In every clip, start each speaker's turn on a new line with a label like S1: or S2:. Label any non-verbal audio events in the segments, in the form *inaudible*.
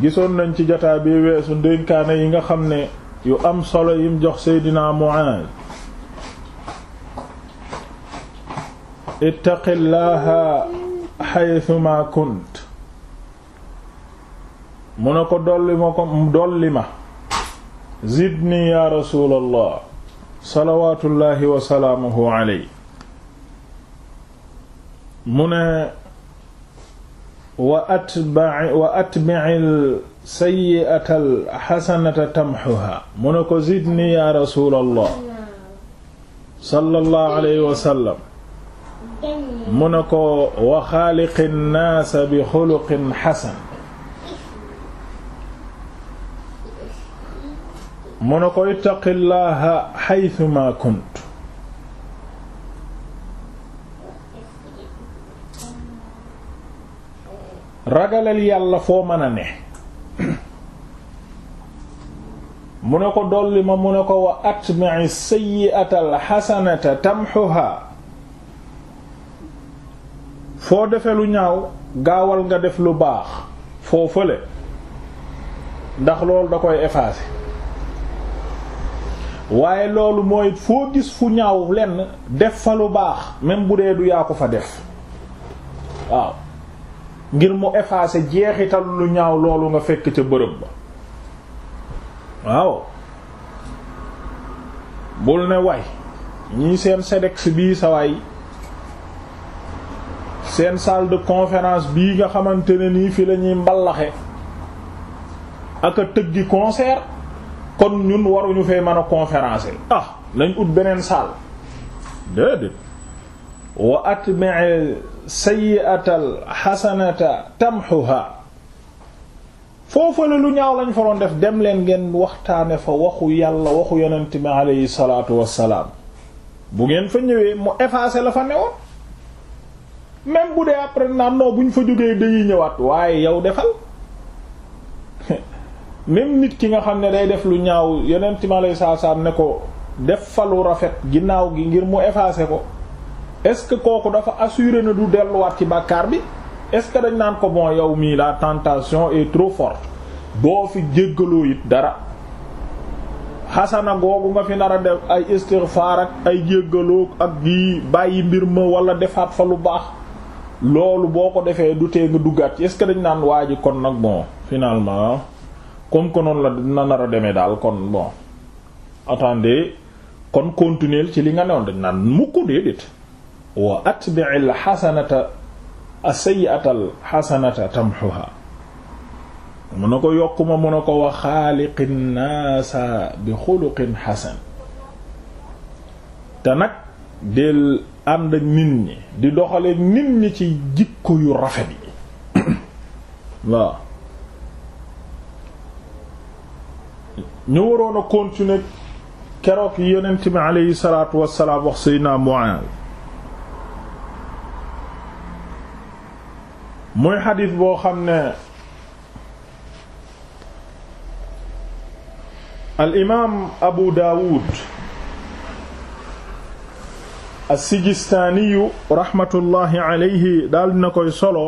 S1: gisoon nañ ci jataa bi weesu ndénkaane yi nga xam ne yu am solo yim jox seydina Muaaz ittaqillaha xaytuma kunt mu ne ko dolli ma ko dolli ma zidni ya rasuulallah salawaatullaahi wa salaamuhu mu ne wa atba'i wa atbi'il sayyi'atal hasanata tamhuha mu ne ko zidni ya rasulallah sallallahu alayhi wa sallam mu ne ko wa xaaliqin naasa bi xuluqin hasan mu ne ko ittaqillaha haythuma kunt ragalal yàlla foo mën a ne mu ne ko dolli ma mu ne ko wa atmai sayyi'ata alxasanata tamxuhaa foo defe lu ñaaw gaawal nga def lu baax foo fële ndax loolu da koy effacer waaye loolu mooy foo gis fu ñaaw lenn def fa lu baax même bu dee du yaa ko fa def waaw ngir mu effacer jeexital lu ñaaw loolu nga fekk ca bërëb ba waaw bul ne way ñii seen bi bii sawaay seen salle de conference bi nga xamante ne nii fi lañuy ñuy mballaxe ak a tëggi concert kon ñun waruñu fee mën a conférencer ah nañ ut beneen salle déedéet wa atbi'i sayyi'atal xasanata tamxuha foofu la lu ñaaw lañ fa doon def dem leen ngeen waxtaane fa waxu yàlla waxu yonent bi aleyhi salaatu wassalaam bu ngeen fa ñëwee mu effacé la fa newoon même bu dee après naan non buñ fa jógee dañuy ñëwaat waaye yow defal *laughs* même nit ki nga xam ne day def lu ñaaw yonent bi aleyhi salaatu ne ko def fa rafet ginnaaw gi ngir mu effacé ko est-ce que kooku dafa assuré na du delluwaat ci bàkkaar bi est-ce que dañ naan ko bon yow mii la tentation est trop forte boo fi jéggaloo it dara xasana googu nga fi nar a def ay istighfar ak ay jéggaloo ak gi bàyyi mbir ma wala defaat fa lu baax loolu boo ko defee du tee nga duggaat ci est-ce que dañ naan waa ji kon nag bon finalement comme que noonu la na nar demee daal kon bon attendez kon continuer ci li nga newoon dañ naan mukk déedéet wa atbi'il xasanata asayyatal xasanata tamxuha mu na ko yokk mu na ko wa xaaliqin naasa bi xuluqin xasan te nag del ànd ak nit ñi di doxale nit ñi ci jikko yu rafet yi *coughs* waaw ñu waroon a continuer keroog yi yonent wax Seydina Muaaz muy xadis boo xam ne al imaam Abu Daawud as-Sijistaaniyu raxmatullaahi aleyhi daal dina koy solo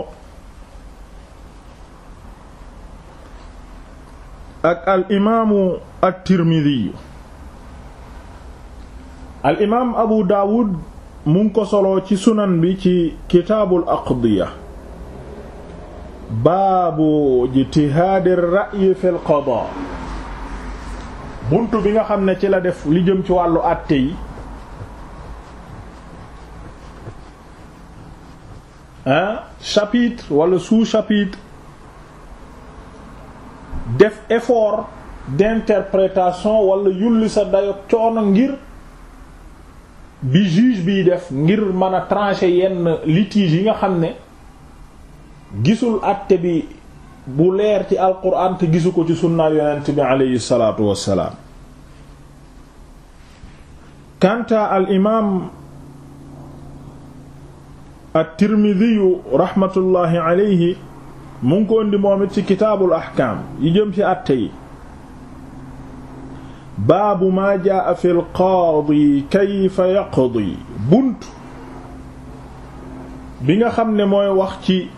S1: ak al imaamu at-Tirmidiyu al imaam Abu Daawud mu ngi ko solo ci sunan bi ci kitaabul aqdiya baabu ijtihaadi ra'yi fil qada bunt bi nga xam ne ci la def li jëm ci wàllu àtte yi ah chapitre wala sous-chapitre def effort d'interprétation wala yulli sa dayog coono ngir bi juge biy def ngir mën a trancher yenn litige yi nga xam ne gisul àtte bi bu leer ci alquran te gisu ko ci sunnaal yonent bi aleyhi salaatu wassalaam kanta al imaam at-Tirmidhi rahmatullahi aleyhi mu ngi ko indi moom ahkaam yi jëm ci àtte baabu maa jaa fi l qaadi kayfa yaqdi bunt bi nga xam ne mooy wax ci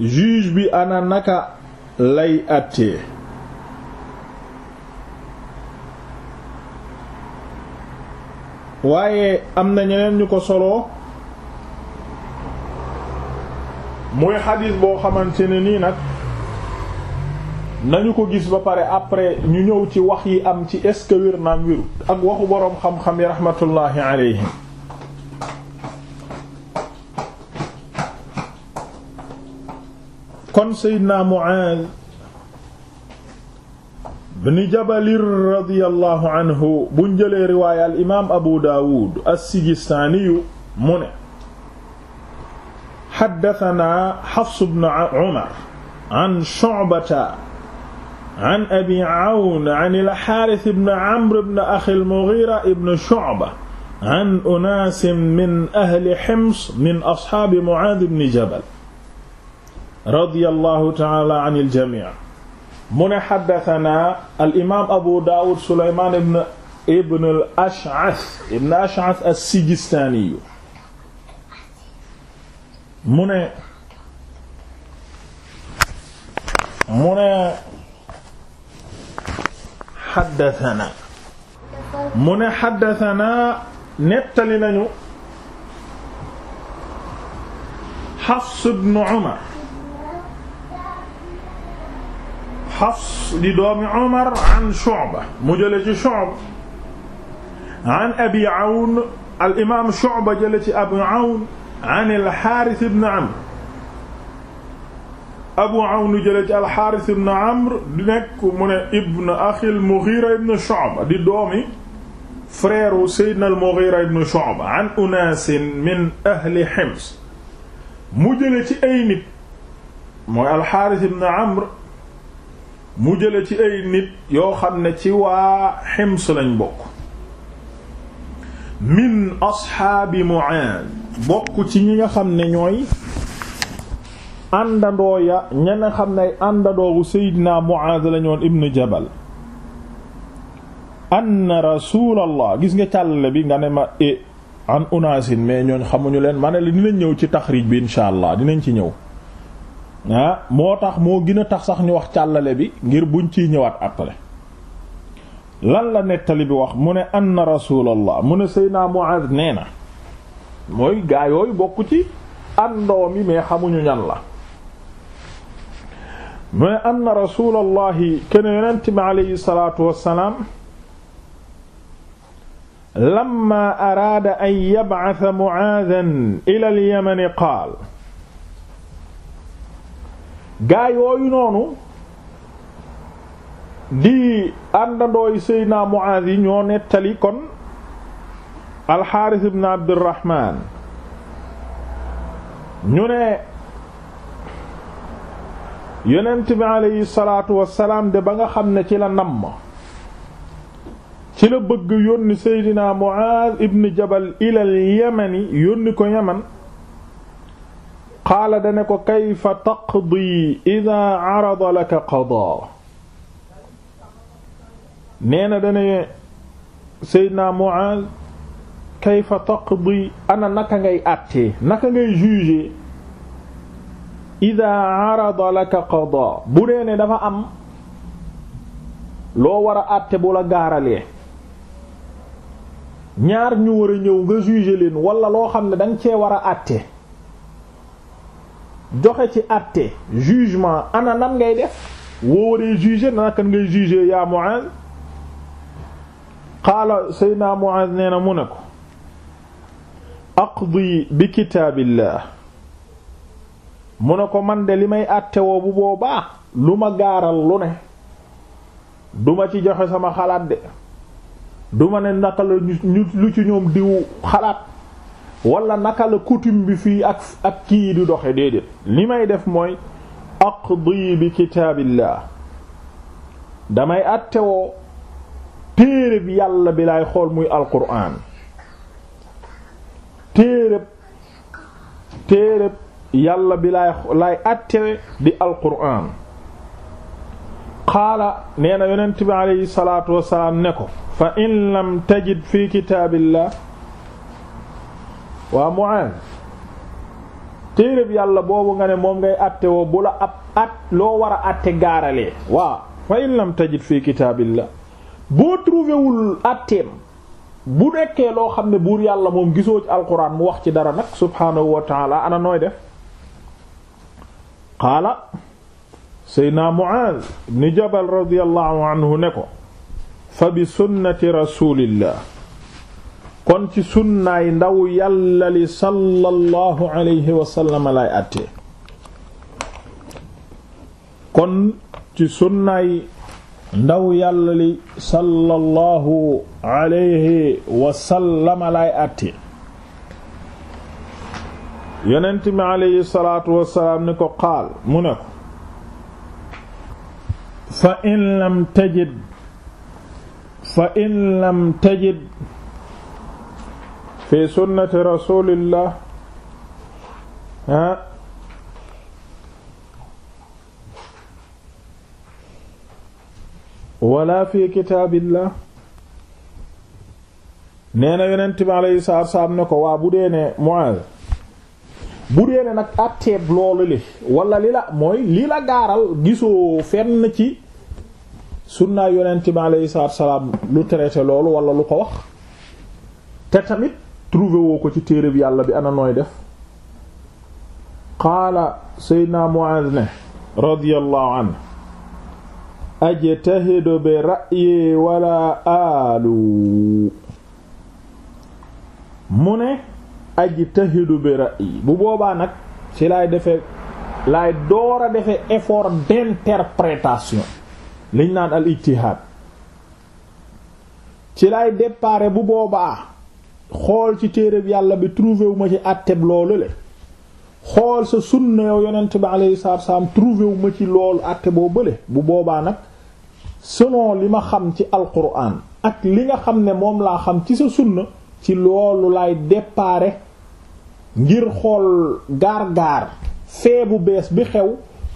S1: juge bi ana naka lay àttee waaye am na ñeneen ñu ko soloo muy xadiis boo xamante ne nii nag nañu ko gis ba pare après ñu ñëw ci wax yi am ci est-ce que wér naam wéru ak waxu boroom xam-xam yi rahmatullahi alayhim kon Seydina Muaaz ibn Jabal radiyallahu anhu buñ jëlee riwaaya al imaam Abu Daawud as-Sijistaaniyu mu ne xaddatanaa Hafs ibn Umar an Shu'bata an Abi Awn an al-Haaris ibn Amr ibn axi al-Mughiira ibn Shu'ba an unaasin min ahli Hims min asxaabi Muaaz ibn Jabal radiyallahu taala an iljamii mu ne xaddatanaa alimaam abu daawud suleymaan ibn ibn al ash'ath ibn ash'ath as-sijistaaniyu mu ne mu ne xaddatanaa mu ne xaddatanaa nettali nañu xafs ibn umar Hafs di doomi Umar an Shu'ba mu jële ci Shu'ba an Abi Awn al imaam Shu'ba jële ci Abu Awn an al-Haaris ibn Amr Abu Awn jële ci al-Haaris ibn Amr di nekk mu ne ibn axi al-Mughira ibn Shu'ba di doomi frère u Seydina al-Mughira ibn Shu'ba an unaasin min ahli Hims mu jële ci ay nit mooy al-Haaris ibn Amr mu jële ci ay nit yoo xam ne ci waa Hims lañ bokk min asxaabi Mu'aaz bokk ci ñi nga xam ne ñooy àndandoo ya ña xam ne àndandoo bu Seydina Mu'aaz lañoon ibnu Jabal anna rasuulallah gis nga càll bi nga ne ma e an unaasin mais ñooñ xamuñu leen ma ne la dinañ ñëw ci taxriij bi insha allah dinañ ci ñëw Ah, moo tax moo gën a tax sax ñu wax càllale bi ngir buñ ciy ñëwaat après lan la nettali bi wax mu ne anna rasulallah mu ne Seydina mooy gaa bokk ci àndoom yi mais xamuñu ñan la mu ne anna rasulallahi kene yonent bi aleyhi salatu wassalaam lamma araada an ila al qaal gaa yooyu noonu di àndandooy Seydina Muaz yi ñoo nettali kon alxaaris ibn Abdurrahman ñu ne yonent bi aleyhi salaatu wassalaam de ba nga xam ne ci la namm ci la bëgg yónni Seydina Muaz ibn Jabal ilal yamani yónni ko Yaman qaala dane ko kayfa taqdi ida arada laka qadaa nee na dane Seydina Muaaz kayfa taqdi ana naka ngay àttee naka ngay juger ida arada laka qadaa bu dee ne dafa am loo war a àtte bu la gaaralee ñaar ñu war a ñëw nga juger leen wala loo xam ne danga cee war a àtte joxe ci àtte jugement ana nan ngay def woo waree juger nanakan ngay juger yaa Mu'az qaala sayyidina Mu'az nee na mu ne ko aqdi bi kitaabillah mu ne ko man de li may àtte woo bu baax lu ma gaaral lu ne duma ci joxe sama xalaat de duma ne naka la ñu lu ci ñoom diw xalaat wala naka la coutume bi fii ak ak kii yi doxe déedéet li may def mooy aqdi bi kitaabillah damay àttewoo téereb yàlla bi laay xool muy alquran téereb téereb yàlla bi laay laay àttewe di alquran qaala nee na yonent bi aleyhi salatu wasalaam ne ko fa in lam tajid fi kitaabillah waa Mu'aaz téeréb yàlla boobu nga ne moom ngay àtte woo bu la ab at loo war a àtte gaaralee waa fa in lam tajid fii kitaabillah boo trouvéwul àtteem bu nekkee loo xam ne buur yàlla moom gisoo ci alquran mu wax ci dara nag subhaanahu wa taala ana nooy def qaala seydna Mu'aaz ibn jabal radiyallahu anhu ne ko fa bi sunnati rasulillah kon ci sunnaay ndaw yàlla sallallahu alayhi wa lay àttee kon ci sunnaay ndaw yàlla li sallallahu alayhi wa sallam lay àttee yonent alayhi salaatu wassalaam ni ko qaal mu ne ko fa in lam tajid fa in lam tajid fi sunnati rasulillah ah wala fi kitaabillah nee na yonent bi alayhi ne ko waa bu dee ne Muaaz bu dee ne nag àtteeb loolu li wala li la mooy li la gaaral gisoo fenn ci sunnaa yonent bi alayhi salaatu salaam lu traité loolu wala lu ko wax te tamit trouvé woo ko ci téereb yàlla bi ana nooy def qaala seydna Mu'aaz ne radiyallahu anhu ajtahidu bi ra'yi wala aalu mu ne ajtahidu bi ra'yi bu boobaa nag ci lay defee laay door a defee effort liñ naan al ijtihaad ci laay déparé bu boobaa xool ci téereb yàlla bi trouvé wu ma ci àtteb loolu le xool sa sunna yow yonent bi alayhi salaatu wassalaam trouvé wu ci loolu àtte boo bële bu boobaa nag selon li ma xam ci alquran ak li nga xam ne moom laa xam ci sa sunna ci loolu lay déparé ngir xool gaar-gaar bu bees bi xew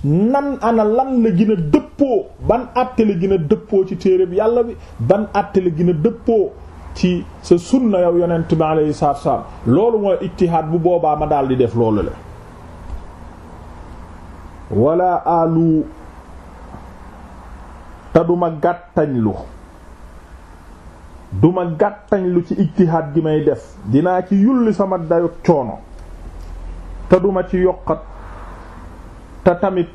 S1: nan ana lan la gën dëppoo ban àtte la gën dëppoo ci téereb yàlla bi ban àtte la gën dëppoo ci sa sunna yow yonent bi alayhi salaatu salaam loolu mooy ijtihaad bu boobaa ma daal di def loolu la wala alu te duma gàttañlu duma gàttañlu ci ijtihaad gi may def dinaa ci yulli sama dayu coono te duma ci yokkat te tamit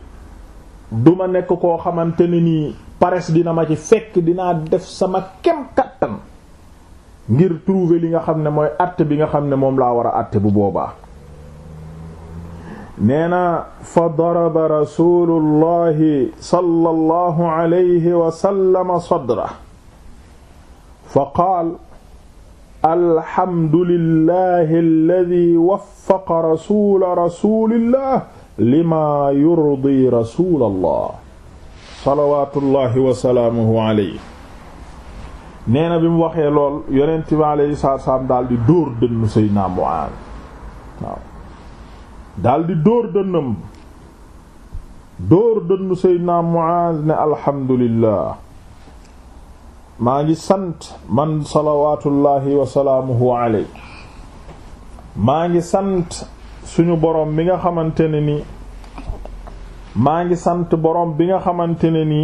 S1: duma nekk koo xamante ne nii pares dina ma ci fekk dinaa def sama kem kattan ngir trouver li nga xam ne mooy àtte bi nga xam ne moom laa war a àtte bu boobaa nee na fa daraba rasulullahi sallallahu alayhi wa sallama sadra fa qaal alhamdulillahi alladi waffaqa rasula rasulillah lima yurdi rasulallah salawatullahi wa salaamuhu alayhi neena bi mu waxee lool yonent bi alayhi salaatu wassalaam daal di dóor dënn Seydina Muaaz waaw daal di dóor dënnam dóor dënn Seydina Muaaz ne alhamdulillah maa ngi sant man salawaatullaahi wa salaamuhu alayhi maa ngi sant suñu boroom mi nga xamante ne ni maa ngi sant boroom bi nga xamante ne ni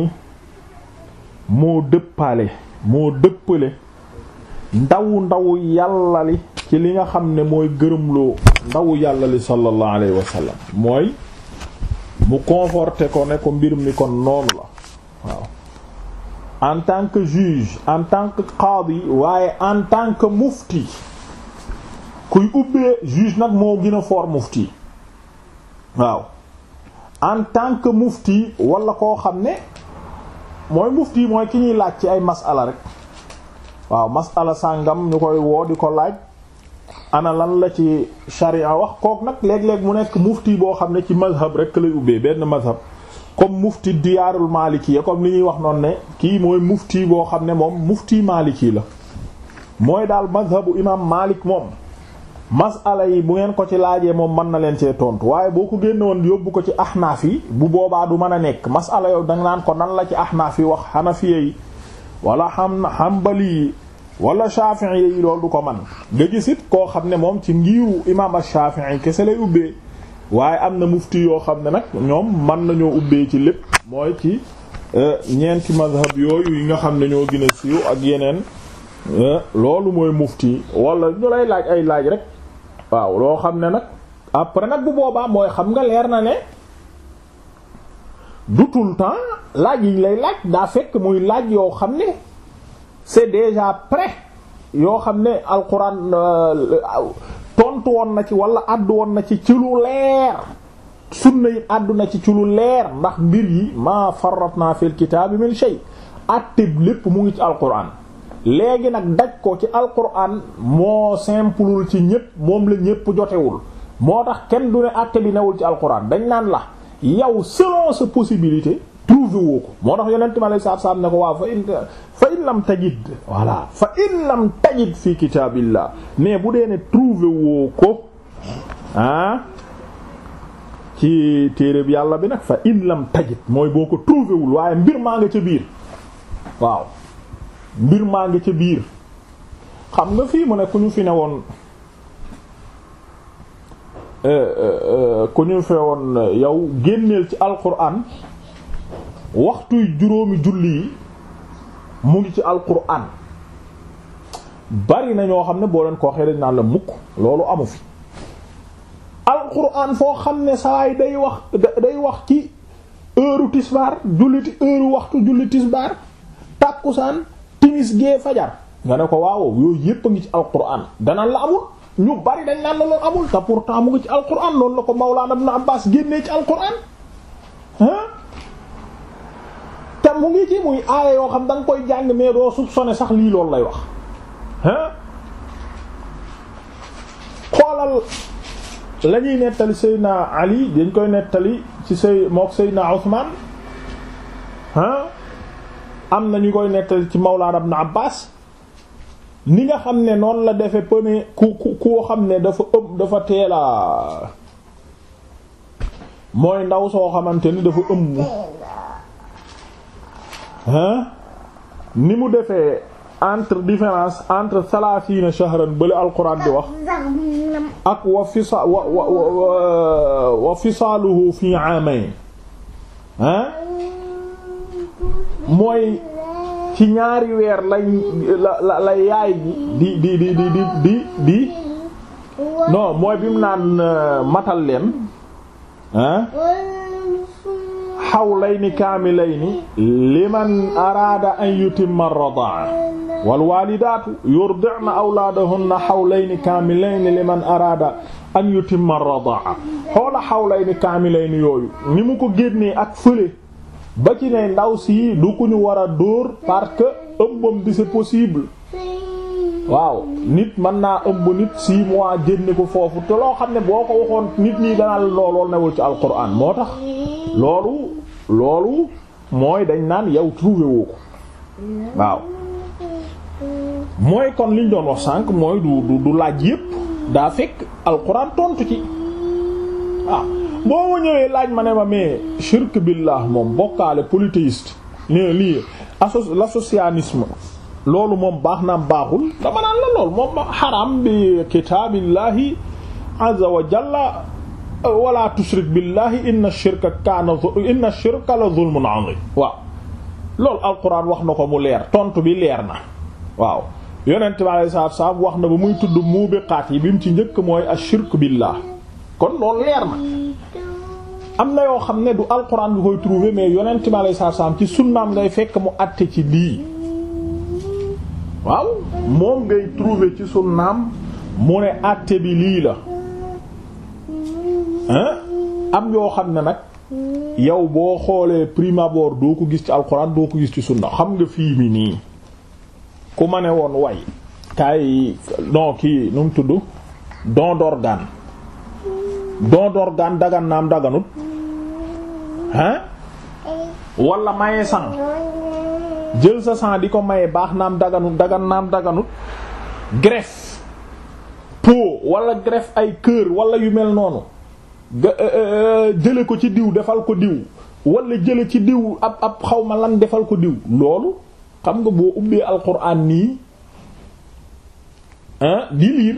S1: moo dëppale moo dëppale ndaw ndaw yàlla li ci li nga xam ne mooy gërëmloo ndawu yàlla li sallallahu alayhi mooy mu conforté ko ne ko mbir mi kon noonu la waaw en tant que juge en tant que qadi waaye en tant que mufti kuy ubbee juge nag moo gën a fort mufti waaw en tant que mufti walla koo xam ne mooy mufti mooy ki ñuy laaj ci ay masala rek waaw masala sàngam ñu koy woo di ko laaj ana lan la ci sharia wax kook nag léeg-léeg mu nekk mufti boo xam ne ci mazhab rek lay ubbee benn mazhab comme mufti diyaarul maliki ya comme li ñuy wax noon ne kii mooy mufti boo xam ne moom mufti maliki la mooy daal mazhabu imam malik moom masala yi bu ngeen ko ci laajee moom mën na leen cee tontu waaye boo ko génne woon yóbbu ko ci ahnaaf yi bu boobaa du man a nekk masala yow danga naan ko nan la ci ahnaaf yi wax xanafiye yi wala xam xambali yi wala shafi'i yi loolu du ko man nga gisit koo xam ne moom ci ngiiru imam ash yi kese lay ubbee waaye am na mufti yoo xam ne nag ñoom man nañoo ubbee ci lépp mooy ci euh, ñeenti mazhab yooyu yi nga xam ne ñoo gën a siiw ak yeneen euh, loolu mooy mufti wala ñu lay laaj ay laaj rek waaw loo xam ne nag après nag bu boobaa mooy xam nga leer na ne du le temps laaj yi lay laaj daa fekk muy laaj yoo xam ne c'est déjà près yoo xam ne alxuraan euh, tontu woon na ci wala àddu woon na ci ci lu leer sunna yi àddu na ci ci lu leer ndax mbir yi ma farratna fil kitaabi min shay àtte lépp mu ngi ci alxuraan léegi nag daj ko ci alquran moo simplul ci ñépp moom la ñépp jotewul moo tax kenn du ne àtte bi newul ci alquran dañ naan la yow selon sa possibilité trouvé woo ko moo tax yonent ma lay saab saab ne ko waaw fa in lam tajid voilà fa in lam tajid fi kitaabillah mais bu dee ne trouvé woo ko ah ci téere bi yàlla bi nag fa in lam tajid mooy boo ko trouvé wul waaye mbir maa nga ca biir waaw mbir maa ngi ca biir xam nga fi mu ne ku ñu fi woon eh, eh, ku ñu yow génneel ci alquran waxtuy juróomi julli yi mu ngi ci alquran bari na ñoo xam ne boo leen ko waxee dañ naan la mukk loolu amu fi alquran foo xam ne sawaay day wax day wax ci heure tisbaar julli tisbaar tàkkusaan timis gee fajar nga ne ko waaw yooyu yépp a ngi ci alquran danaan la amul ñu bari dañ naan la loolu amul te pourtant mu ngi ci alquran loolu la ko Mawlana Ibn Abbas génnee ci alquran ah te mu ngi ci muy aaya yoo xam da koy jàng mais doo soupçonné sax lii lool lay wax ah xoolal la ñuy nettali Seydina Ali dañ koy nettali ci Sey mook Seydina Ousmane am na ñu koy nettali ci Mawlaana Ibn Abbaas ni nga xam ne noonu la defe pëne ku ku koo xam ne dafa ëmb dafa teela mooy ndaw soo xamante ni dafa ëmb hein ni mu defee entre différence entre salaasiina shahran bële alquran di wax ak wa fisa wa wa wa mooy ci ñaari weer lay la la yaay di di di di di di di non mooy bi mu naan euh, matal leen ah hawlayni kaamilayni liman araada an yutimma ar-radaa wal waalidaatu yurdi'na awlaadahunna hawlayni kaamilayni liman araada an yutimma ar-radaa xoola hawlayni kaamilayni yooyu ni mu ko génnee ak fële ba ci ne ndaw sii du ku ñu war a dóor parce que ëmbam bi c'est possible waaw nit mën naa ëmba nit six mois génne ko foofu te loo xam ne boo ko waxoon nit ñi danaa loolool newul ci alquran moo tax loolu loolu mooy dañ naan yow trouvé woo ko waaw mooy kon liñ doon wax sànq mooy du du laaj yépp daa fekk alquran tontu ci ah boo ma ñëwee laaj ma ne ma mais shirk billah moom bokkaale polythéiste ne lii asso loolu moom baax naam baaxul dama naan la lool moom xaram bi kitaabillahi azza wa jalla wala tushrik billahi inna shirka kaana inna shirka la zulmun azim waaw loolu alquran wax na ko mu leer tontu bi leer na waaw yonent bi alayhi salaatu salaam wax na ba muy tudd muubiqaat yi bi mu ci njëkk mooy ashirk billah kon loolu leer na am na yoo xam ne du alxuraan bi koy trouver mais yonent mi alayhi salaam ci sunnaam ngay fekk mu àtte ci lii waaw moom ngay trouver ci sunnaam mu ne àtte bi lii la am yoo xam ne nag yow boo xoolee prime abord doo ko gis ci alxuraan doo ko gis ci sunna xam nga fii mi nii ku ma ne woon way kaay non kii nu mu tudd don d'organe don d'organe dagan naam daganut ah wala maye sang jël sa sang di ko maye baax naam daganut dagan naam daganut greffe peau wala greffe ay cœur walla yu mel noonu euh, euh, euh, jële ko ci diw defal ko diw walla jële ci diw ab ab ma lan defal ko diw loolu xam nga boo ubbee alquran nii di liir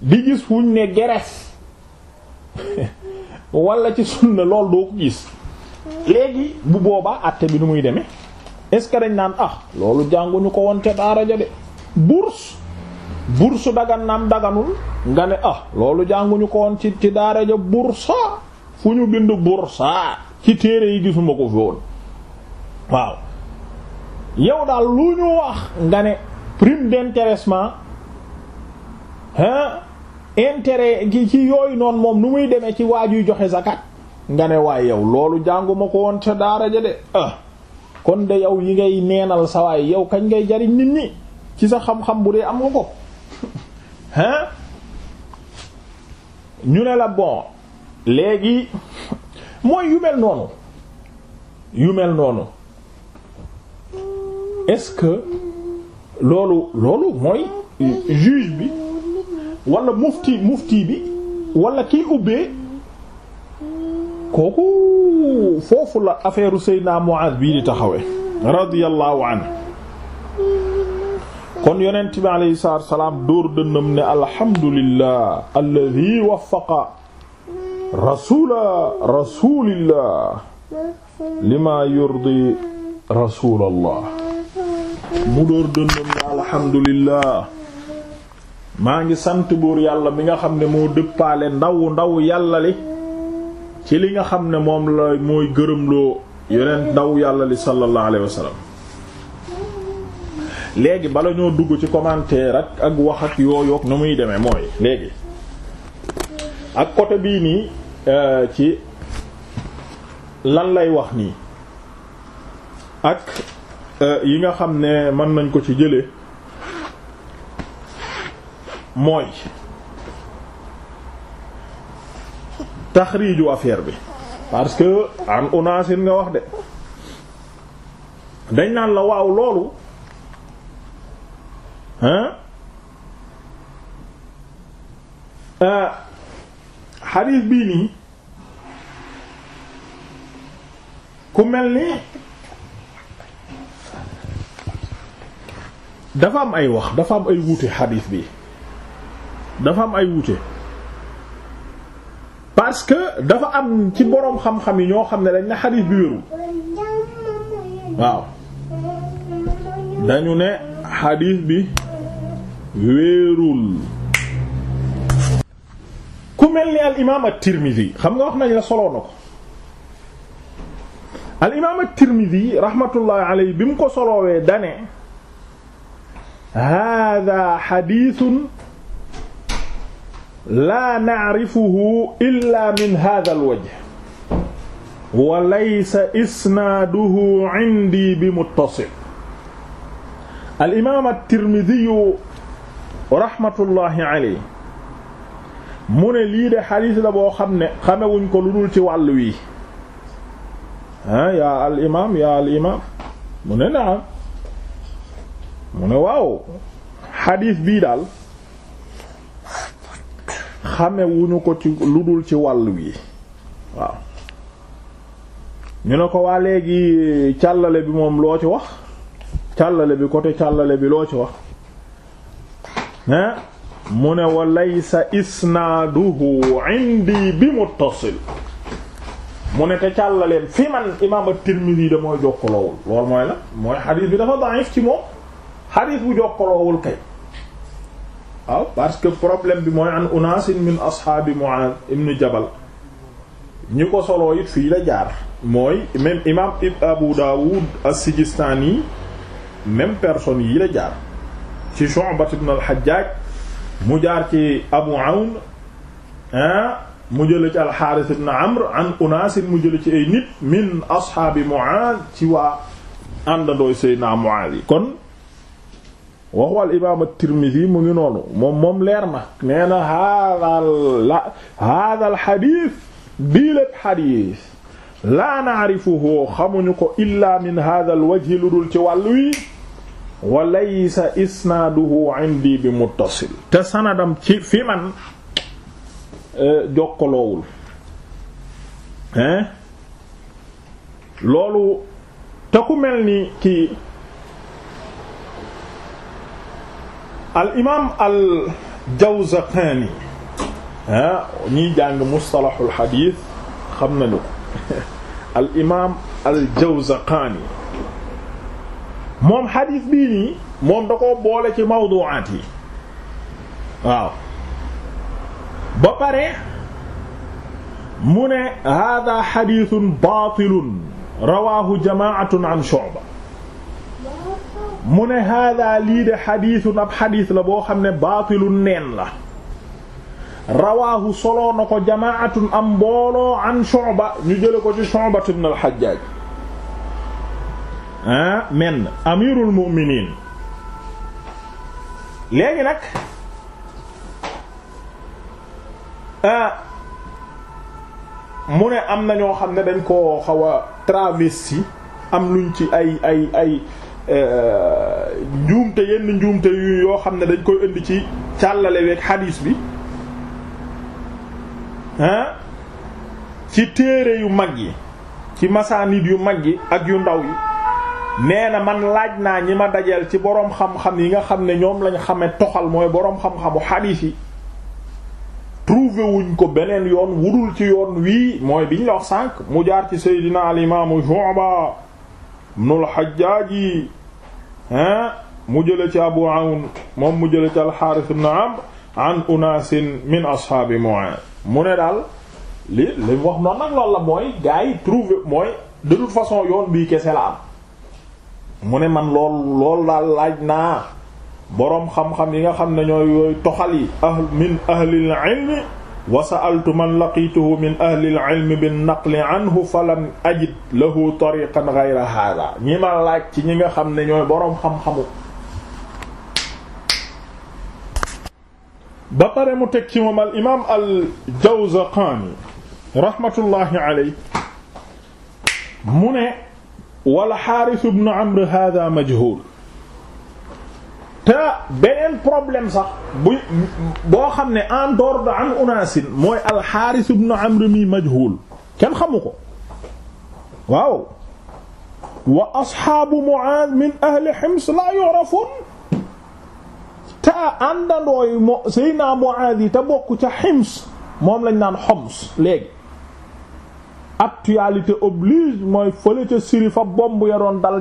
S1: di gis fuñ ne greffe *laughs* wala ci sunna lool doo gis léegi bu boobaa àtte bi nu muy demee est ce que dañ naan ah loolu jànguñu ko won ca daara ja de bourse bourse dagan naam daganul nga ah loolu jànguñu ko woon ci ci daara fu ñu bind bursa ci téere yi gisuma ko fi woon waaw yow daal lu ñu wax nga ne prime d'intéressement intérêt gi ci yooyu noonu moom nu muy demee ci waajuy joxe zakat nga ne waaye yow loolu jànguma ko woon ca daara ja de ah. kon de yow yi ngay neenal sa waay yow kañ ngay jariñ nit ñi ci sa xam-xam bu dee am nga ko *laughs* hein ñu ne la bon léegi mooy yu mel noonu yu mel noonu est-ce que loolu loolu mooy juge bi wala mufti mufti bi wala kiy ubbee kooku foofu la affaire Seydina Muaz bii di taxawee radiyallahu anhu kon yonent bi alayhi salaatu wasalaam dóor dënnam ne alhamdulillah alladhi waffaqa rasula rasulillah lima yurdi rasulallah mu dóor dënnam ne alhamdulillah maa ngi sant buur yàlla mi nga xam ne moo dëppaale ndaw ndaw yàlla li ci li nga xam ne moom la mooy gërëmloo yonent ndaw yàlla li sallallahu alayhi wa sallam léegi bala ñoo dugg ci commentaire ak ak wax ak yooyoog nu muy demee mooy léegi ak côté bii nii euh, ci lan lay wax nii ak euh, yi nga xam ne mën nañ ko ci jëlee mooy taxriiju affaire bi parce que an unaasin nga wax de dañ naan la waaw loolu hein euh, xadiis bii nii ku mel ni dafa am ay wax dafa am ay wuute xadiis bi dafa am ay wuute parce que dafa am ci boroom xam-xam yi ñoo xam ne dañ ne xadiis bi wérul waaw dañu ne xadiis bi wérul ku mel ni al imaam at-Tirmidhi xam nga wax nañ la soloo na ko al imaam at-Tirmidhi rahmatullahi alayhi bi mu ko soloowee dane hada xadiisun laa nacrifuhu illa min hada alwajh wa laysa isnaaduhu cindi bi muttasil alimaam altirmidiyu rahmatullahi alayhi mu ne lii de xadiis la boo xam ne xamewuñ ko lu dul ci wàll wi ah yaa al yaa al imaam naam mu ne waaw xadiis bii daal xame wuñu ko ci lu dul ci wàll wi waaw ñu ne ko waa léegi càllale bi moom loo ci wax càllale bi côté càllale bi loo ci wax hein mu ne wa laysa isnaaduhu indi bi muttasil mu ne te càllaleen fi man imaam at-Tirmidhi da mooy jokkaloowul loolu mooy la mooy xadiis bi dafa da'if ci moom xadiis bu jokkaloowul kay waaw parce que problème bi mooy an unaasin min ashaabi Mu'aaz ibn Jabal ñi ko soloo it fii la jaar mooy même imam Abu Daawud as-Sijistaani même personne yi la jaar ci Shu'bat ibn al-Hajjaaj mu jaar ci Abu Awn ah mu jële ci al-Haaris ibn Amr an unaasin mu jële ci ay nit min ashaabi Mu'aaz ci waa àndandooy Seydina Mu'aaz yi kon waxu al imaam at-Tirmidhi mu ngi noonu moom moom leer ma nee na hada al xadis bii lépp xadis laa naarifuhu xamuñu ko illa min hada al wajhi lu ci wàllu wi wa laysa isnaaduhu indi bi muttasil te sanadam ci fi man e, jokkaloowul hein loolu te mel ni kii al imaam al Jawzaqaani ah ñiy jàng mustalahul xadiis xam nañu ko *laughs* al imaam al Jawzaqaani moom xadiis bii nii moom da koo boole ci mawduwaat yi waaw ba pare mu ne haadaa xadiisun baatilun rawaahu jamaa'atun an Shu'ba mu ne hada lii de xadiisun ab xadiis la boo xam ne baatilu neen la rawaahu soloo na ko jamaatun am booloo an Shu'ba ñu jële ko ci Shu'ba ibn al-Hajjaj ah men amirul mu'minin léegi nag ah mu am na ñoo xam ne dañ koo xaw a travesti am luñ ci ay ay ay Euh, njuumte yenn njuumte yu yoo xam ne dañ koy indi ci càllale week xadiis bi ah ci téere yu mag yi ci masaanid yu mag yi ak yu ndaw yi nee na man laaj naa ñi ma dajeel ci boroom xam-xam yi nga xam ne ñoom lañ xame toxal mooy boroom xam-xamu xadiis yi trouvé wuñ ko beneen yoon wudul ci yoon wii mooy biñ la wax sànq mu jaar ci Seydina al imaamu Shu'ba ibnul Hajjaaj yi ah, mu jële ci Abu moom mu jële ci al-Haaris ibn Amr an unaasin min ashaabi ne daal li li wax noonu nag loolu la mooy gars bii kese la mu ne man lool lool daal laaj naa boroom xam-xam yi nga xam ne ñooy yooyu toxal yi ahl min ahlil ilmi wa sa'altu man laqiituhu min ahli al-ilmi bin naqli anhu falam ajid lahu tariqan ghayra hadha ñi ma laaj ci ñi nga xam ne ñooy boroom xam-xamu ba pare mu teg ci moom al imaam al Jawzaqaani rahmatullahi alayhi mu ne wal Haaris ibn Amr hadha majhul te beneen problème sax boo xam ne en dehors de an unasin mooy alxaaris ibn amr mi kenn xamu ko waaw wa asxaabu Muaaz min ahli Hims laa yu'rafuun te àndandoo yi mo Seydina Muaaz yi te bokk ca Hims moom lañ naan Homs léegi actualité oblige mooy fële ca Syrie bomb ya dal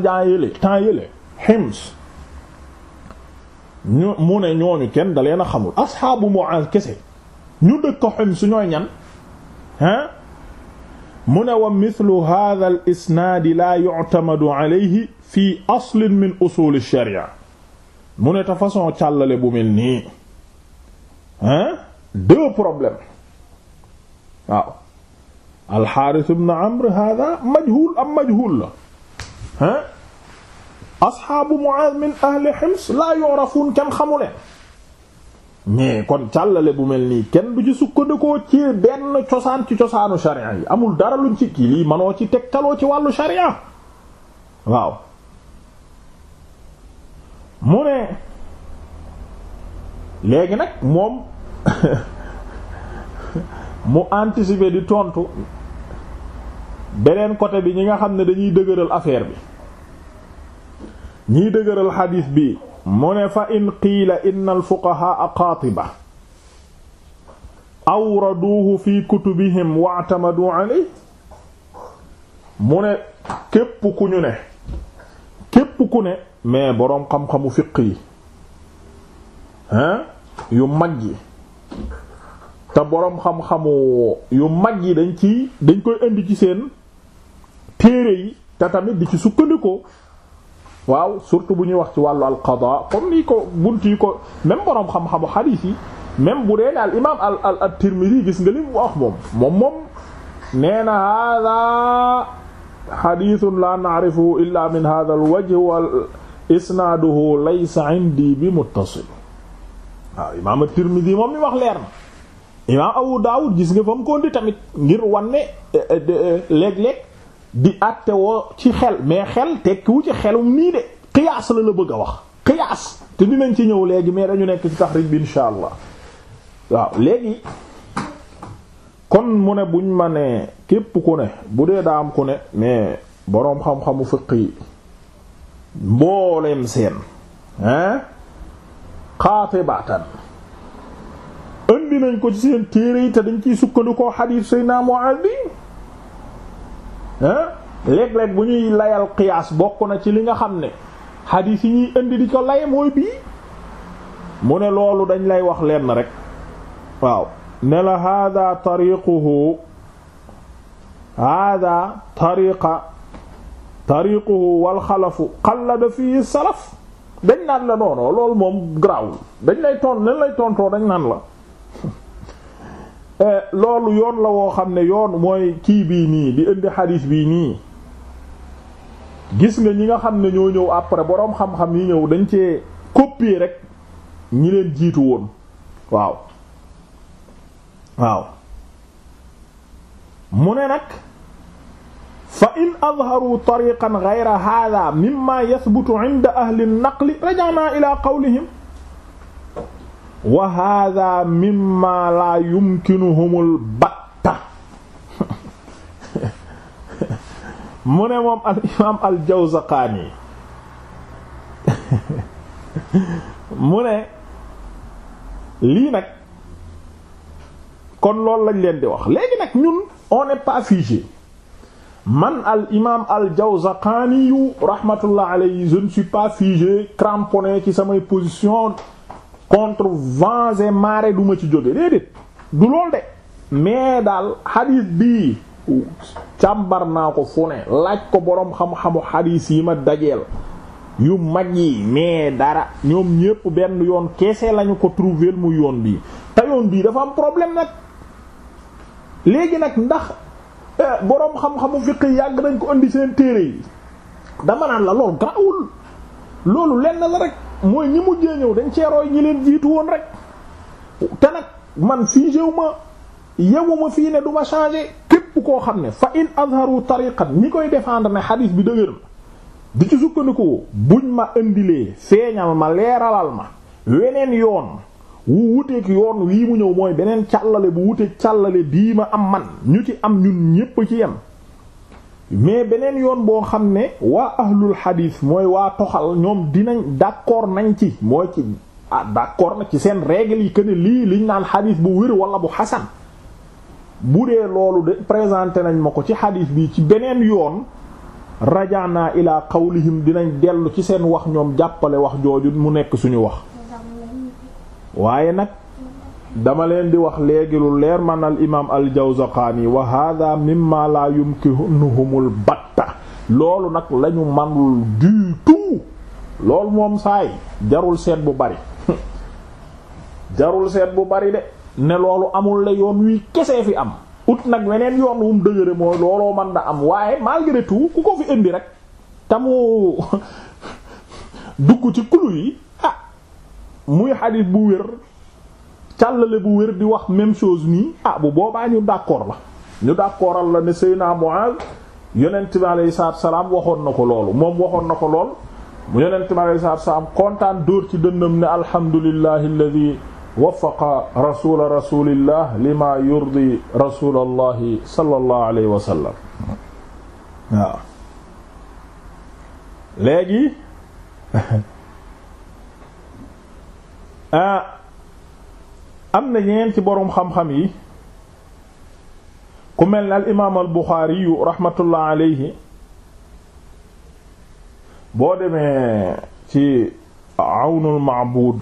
S1: temps yële ñu mu ñooñu kenn daleena leen a xamul asxaabu Mu'aaz kese ñu dëkk ko xim su ñooy ñan ah mu ne wa mislu hadha al isnaadi laa yu'tamadu alayhi fii aslin min usul ash-sharia mu ne ta façon càllale bu mel nii ah deux problèmes waaw al Haaris ibn Amr hadha majhul am majhul la asxaabu Muaaz min ahli Hims laa yu'rafuun kenn xamu leen mais kon càllale bu mel nii kenn du ci sukkandikoo ci benn cosaan ci cosaanu sharia yi amul dara luñ ci kii lii manoo ci tegtaloo ci wàllu sharia waaw mu ne léegi nag moom *laughs* mu anticiper di tontu beneen côté bi ñi nga xam ne dañuy dëgëral affaire bi ñiy dëgëral xadiis bi mu ne fa in qiila inna alfuqahaa qaatiba awraduuhu fi kutubihim wa'tamadu alayhi mu ne képp ku ñu ne képp ku ne mais boroom xam-xamu fiq yi hein yu mag yi te boroom xam-xamu yu mag yi dañ ci dañ koy indi ci seen téere yi te tamit di ci sukkandikoo waaw surtout bu ñuy wax ci wàllu alqada comme ni ko bunt yi ko même borom xam-xamu xadiis yi même bu dee ne al imaam al al al tirmidhi gis nga li mu wax moom moom moom nee na hada xadiisun la na'rifu illa min hada al wajh wal isnaaduhu laysa indi bi muttasil waaw imaam al tirmidhi moom mi wax leer na imaam abu daawud gis nga fa mu kondi tamit ngir wanne eh, eh, eh, léeg-léeg di àtte woo ci xel mais xel tekkiwu ci xelum nii de qiyaas la la bëgg a wax qiyaas te dinañ ci ñëw léegi mais dañu nekk ci taxrij bi insha allah waaw léegi kon mu ne buñ ma ne képp ku ne bu dee daa am ku ne mais boroom xam-xamu fiq yi mbooleem seen hein xaatibatan indi nañ ko ci seen téere yi te dañ ciy sukkandikoo xadiis Seydina Muaaz bi léeg-léeg bu ñuy layal qiyaas bokk na ci li nga xam ne xadiis yi ñuy indi di ko laye mooy bii mu ne loolu dañ lay wax lenn rek waaw ne la hada tariquhu hada tariqa tariquhu wal xalafu xallada fii salaf dañ naan la noonoo lool moom garaawul dañ lay ton leen lay tontoo dañ naan la Eh, loolu yoon la woo xam ne yoon mooy kii bii nii di indi xadiis bii nii gis nga ñi nga xam ne ñoo ñëw après boroom xam-xam yi ñëw dañ cee copier rek ñi leen jiitu woon waaw mu ne nag fa in adharu tariqan ghayra hadha mimma yathbutu 'inda ahli an-naqli raja'na ila qawlihim wa hada mimma la yumkinuhumul batta *laughs* mu ne moom al imaam al jawzaqaani *laughs* mu ne lii nag kon loolu lañ leen di wax léegi nag ñun on n'est pas figé man al imaam al jawzaqaani yu rahmatullah alayhi je suis pas figé cramponné ci samay position contre vents et duma ci jóge déedéet du lool de mais daal xadiis bii càmbar naa ko fu laaj ko boroom xam-xamu xadiis yi ma dajeel yu mag yi mais dara ñoom ñépp benn yoon keese lañu ko trouver mu yoon bii te yoon bii dafa am problème nag léegi nag ndax eh, boroom xam-xamu fiq yàgg nañ ko indi seen téere yi dama naan la loolu gaawul loolu lenn la rek mooy ñi mujjee ñëw dañ ceerooy ñi leen jiitu woon rek te nag man figé wu ma yewuma fii ne du ma changé képp koo xam ne fa in azharu tariqan ñi koy défendre ne xadiis bi dëgër na di ci sukkandiku buñ ma indilee feeñal ma leeralal ma weneen yoon wu wuteeg yoon wii mu ñëw mooy beneen càllale bu wuteeg càllale bii ma am man ñu ci am ñun ñépp ci yen mais beneen yoon boo xam ne waa ahlul hadith mooy waa toxal ñoom dinañ d'accord nañ ci mooy ci ah d'accord na ci seen règle yi que ne lii liñ naan hadith bu wér wala bu xasan bu dee loolu de présenté nañ ma ko ci hadith bi ci beneen yoon rajaana ila qawlihim dinañ dellu ci seen wax ñoom jàppale wax jooju mu nekk suñu wax waaye nag dama leen di wax léegi lu leer man al imaam al jawzaqaani wa hadha mimma la yumkinuhumul batta loolu nag lañu manul du tout loolu moom saay jarul seet bu bari *laughs* jarul seet bu bari de ne loolu amul la yoon wi kese fi am ut nag weneen yoon wum dëgëre mooy looloo man na am waaye malgré tout ku ko fi indi rek te tamu *laughs* dugg ci kulu yi ah muy xadiis bu wér càllale bu wér di wax même chose nii ah bu boobaa ñu d'accord la ñu d'accordal la ne Seyna Muaz yonent bi alayhi salaam waxoon na ko loolu moom waxoon na ko lool yonent bi alayhi salaam kontaan dóor ci dënnam ne alhamdulillahi alladhi wafaqa rasula rasulillah lima yurdi *laughs* am na ñeneen ci boroom xam-xam yi ku mel ni al imaam al Buxaari yu raxmatullah alayhi boo demee ci awnul maabuud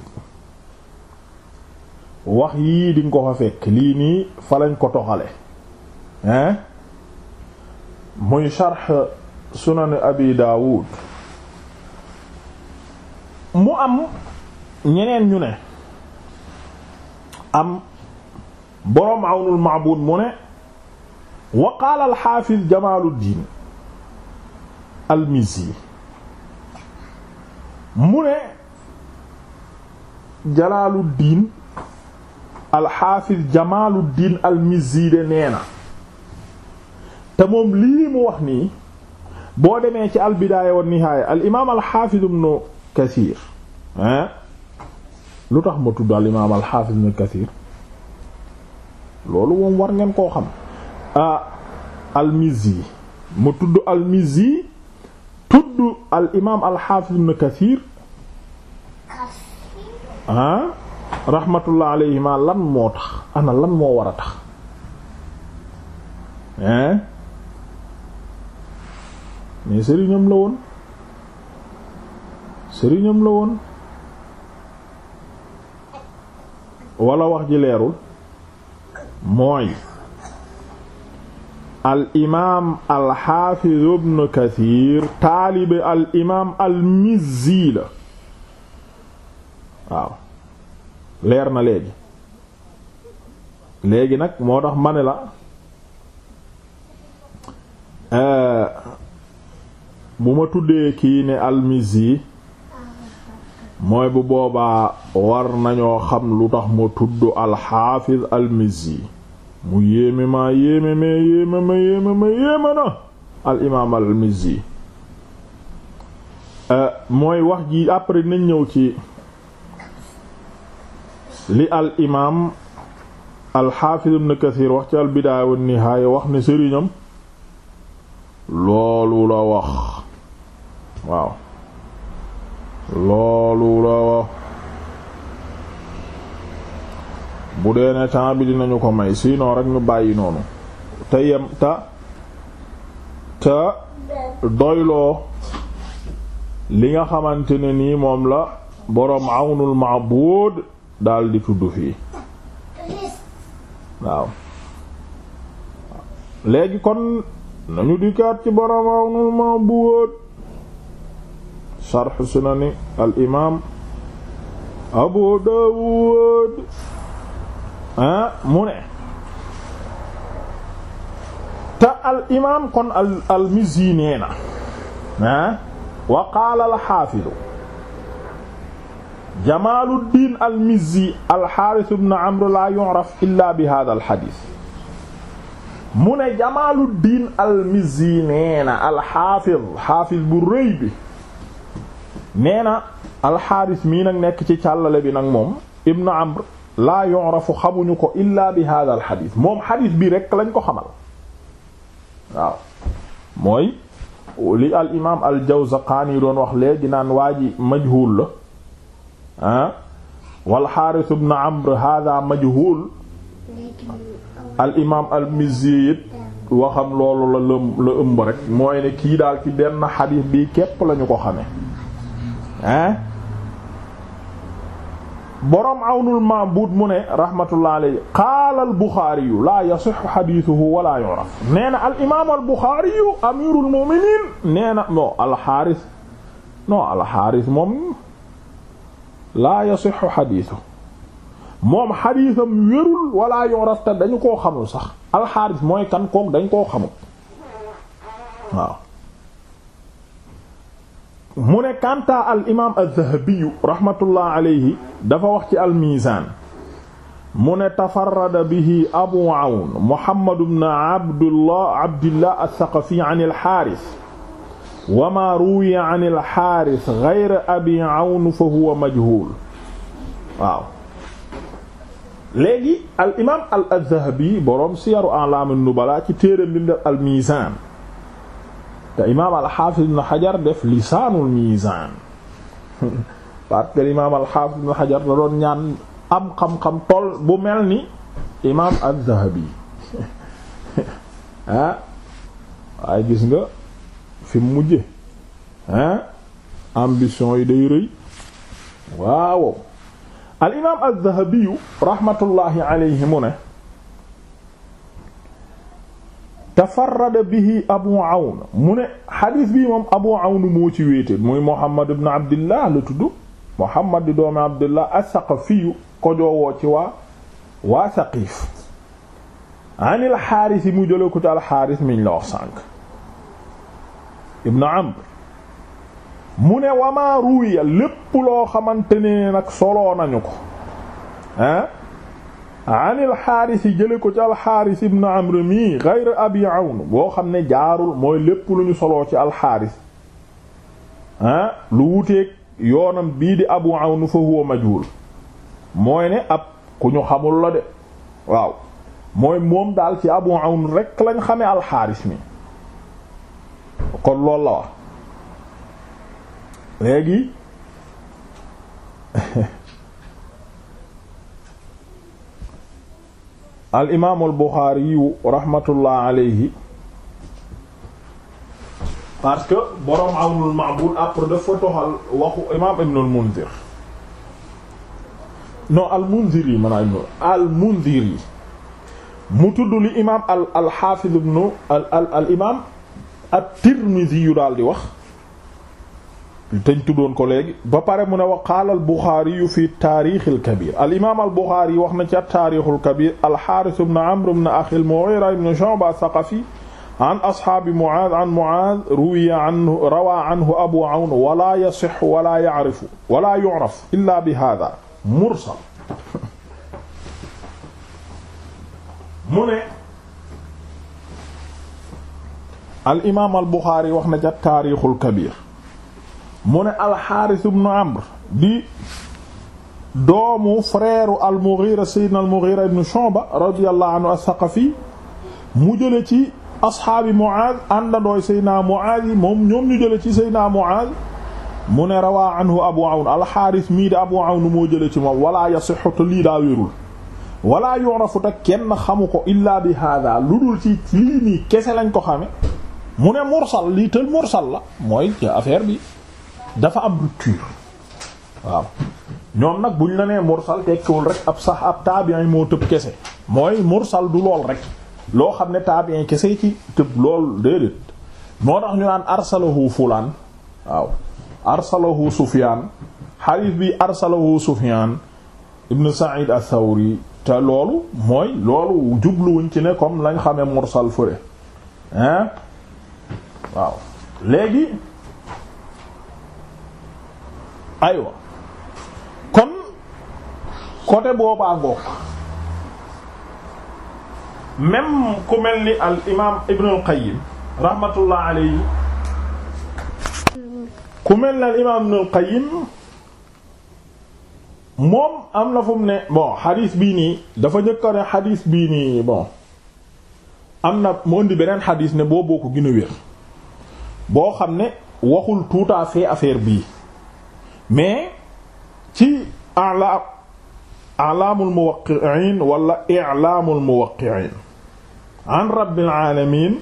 S1: wax yii di ko fa fekk lii nii fa lañ ko toxale hein muy sharx sunan abi daawud mu am ñeneen ñu ne am boroom awnul maabuud mu ne wa qaala alxaafiz jamaaluddin almizzi mu ne jalaaluddin alxaafiz jamaaluddin almizzi de nee na te moom lii mu wax nii boo demee ci albidaaya wa nihaaya al imaam alxaafiz ibnu lu tax ma tudd al imaam al xaafis ibn kathir loolu moom war ngeen koo xam a ah almizi ma tudd almizi tudd al imaam al xaafis ibn kathir ah rahmatullah lan moo tax ana lan moo war a tax hein mais sëriñam la woon sëriñam la woon wala wax ji leerul mooy al imaam al xaafiz ibn kathir taalibe al imaam al mizzi la waaw leer na léegi léegi nag moo tax ma ne la euh, bu ma tuddee kii ne al mizzi mooy bu boobaa war nañoo xam lu tax mu tudd alxaafiz almizzi mu yéeme maa yéeme ma yéeme ma yéeme ma yéeme na al imaam euh, mooy wax ji après nañ ñëw ci li al imaam alxaafiz ibn kathir wax ci al wa nihaaya wax ne sëriñam loolu la wax waaw loolu la wax bu dee ne temps bi dinañu ko may sinon rek ñu bàyyi noonu te yem ta te doyloo li nga xamante ne nii moom la boroom awnul ma'bud daal daldi tudd fii waaw léegi kon nañu dikkaat ci boroom awnul ma'bud sharh sunani al imaam Abu Dawud ah mu ne te al imaam kon al al Mizzi nee na ah wa qaala al haafidu Jamaaluddin al Mizzi al Haaris ibn Amr laa yu'raf illaa bi haadha al hadiis mu ne Jamaaluddin al Mizzi nee na al haafid haafid bu rëy bi. nee na alxaaris mii nag nekk ci càllale bi nag moom ibnu amr laa yu'rafu xamuñu ko illa bi hada al xadis moom xadis bi rek lañ ko xamal waaw mooy li al imaam al jawzaqaani doon wax léegi naan waa ji majhul la ah wal xaaris ibnu amr hada majhul al imaam al mizzi it waxam loolu la la rek mooy ne kii daal ci benn xadis bi képp lañu ko xamee ah boroom awnul ma'bud mu ne rahmatullah alayhi qaala al buxaari yu laa yasixu al imaam moom laa yasixu moom xadiisam wérul wala yuraf te dañu koo xamul sax alxaaris mooy kan kook dañ koo xamul mu ne kanta al imaam az-Zahabi rahmatullah alayhi dafa wax ci al mizaan mu ne tafarrada bihi abu awn muhammad ibn abdullah abdillah as-Saqafi an al-Haaris wa maa ruwiya an al-Haaris ghayra abi awn fa huwa majhuul waaw léegi al imaam al-Zahabi boroom siyaru a'laam an-nubalaa ci téere bi al mizaan te imaam al-Hafiz xajar def lisaanul mizaan parce que imaam al-Hafiz ibn Hajar ñaan am xam-xam tool bu mel ni imaam az-Zahabi *laughs* ah gis nga fi mu mujje ah ambition yi day rëy waaw al imaam az-Zahabi rahmatullahi alayhi tafarrada bihi abu awn mu ne bi bii moom abu awn moo ci wéete muy muhammad ibn abdillah la tudd muhammad di doomi abdillah as-saqafiyu ko joowoo ci wa waa saqiif an il xaaris yi mu jële ko ci alxaaris miñ la wax sànq ibn amr mu ne wamaa ruwiya lépp loo xamante ne nag soloo nañu ko ah an ilxaarisi jële ko ci alxaaris ibn amr mi geyre abi awn boo xam ne jaarul mooy lépp lu ñu soloo ci alxaaris ah lu wuteeg yoonam bii di abu awn fa huwa majhul mooy ne ab ku ñu xamul la de waaw mooy moom daal ci abu awn rek lañ xamee alxaaris mi kon loolu la wax léegi *laughs* al imaamul Buxaari yu rahmatullah alayhi parce que boroom Awnul Ma'buud après dafa toxal waxu imaam Ibnul al Munzir yi maanaam al Munzir mu tudd li imaam al al Haafiz ibnu al al al imaam daal di wax. teñ tuddoon ko léegi ba pare mu ne wa qaala al Buxaari yu fi taarixil kabir al imaam al Buxaari wax na ci taarixul kabir al Haaris ibn Amr ibn axi al Mughira ibn Shu'ba Saqafi an asxaabi Mu'aaz an Mu'aaz ruwiya anhu rawaa anhu Abu Awn wala yasix wala ya'rifu wala yu'raf illa bi haaza mursal mu ne al imaam al Buxaari wax na ci taarixul kabir mu ne alxaaris ibnu amr di doomu frère almughira seydna almughira ibnu shuba radiyallahu anhu as-saqafi mu jële ci asxaabi muaaz àndandooy seydna muaaz yi moom ñoom ñu jële ci seydna muaaz mu ne rawaa anhu abu awn alxaaris mii di abu jële ci moom wala yasixu te lii kenn xamu ko illaa bi hada lu dul ci lii xame mu mursal lii tël mursal la mooy ci affaire bi dafa am rupture waaw ñoom nag buñ la nee mursal tekkiwul rek ab sax ab tabi'in moo tëb kese mooy mursal du lool rek loo xam ne tabi'in kese ci tëb lool déedéet moo tax ñu naan arsalahu fulaan waaw arsalahu sufyaan xadiis bi arsalahu sufyaan ibn sa'id ath-thawri te loolu mooy loolu jubluwuñ ci ne comme lañ xame mursal fëre hein waaw léegi aywa kon côté boobaa ngoog même ku mel ni al imaam Ibnul mel ni al imaam moom am na fu mu ne bon xadiis bii nii dafa njëkka ne xadiis bii nii bon am na mu indi beneen xadiis ne boo ko gën wér boo xam ne waxul tout à fait affaire bii. mais ci ala alaamul muwaqqi'in wala i'laamul muwaqqi'in an rabbil alamin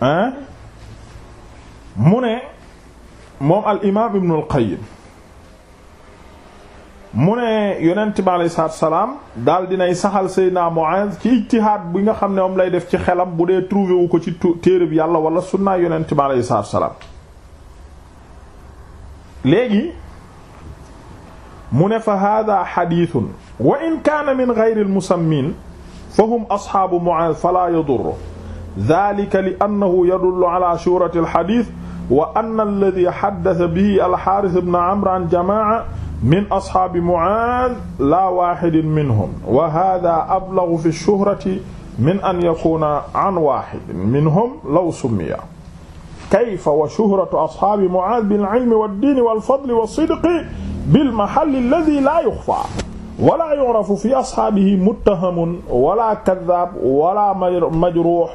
S1: ah mu ne moom al imaam ibnul qayyim mu ne yonent bi alayhi salaatu salaam daal dinay saxal Seydina Muaaz ci ijtihaad bi nga xam ne moom lay def ci xelam bu dee trouvé wu ko ci téeréb yàlla wala sunna yonent bi alayhi salaatu salaam léegi mu ne fa hada xadithun wa in kaana min geyri almusammin fa hum asxaabu Muaaz fala yadurru dalika li annahu yadullu ala shuhrati alxadith wa anna alladi xaddasa bihi alxaaris ibn amr an jamaaca min asxaabi Muaaz laa waaxidin minhum wa hada ablagu fi shuhrati min an yakuna an waaxidin minhum law summiya kayfa wa shuhratu ashaabi Mu'aaz bil ilmi wad diini wal fadli was sidqi bil mahalli alladhi laa yuxfaa wala yu'rafu fi ashaabihi muttahamun wala kaddaab wala majruux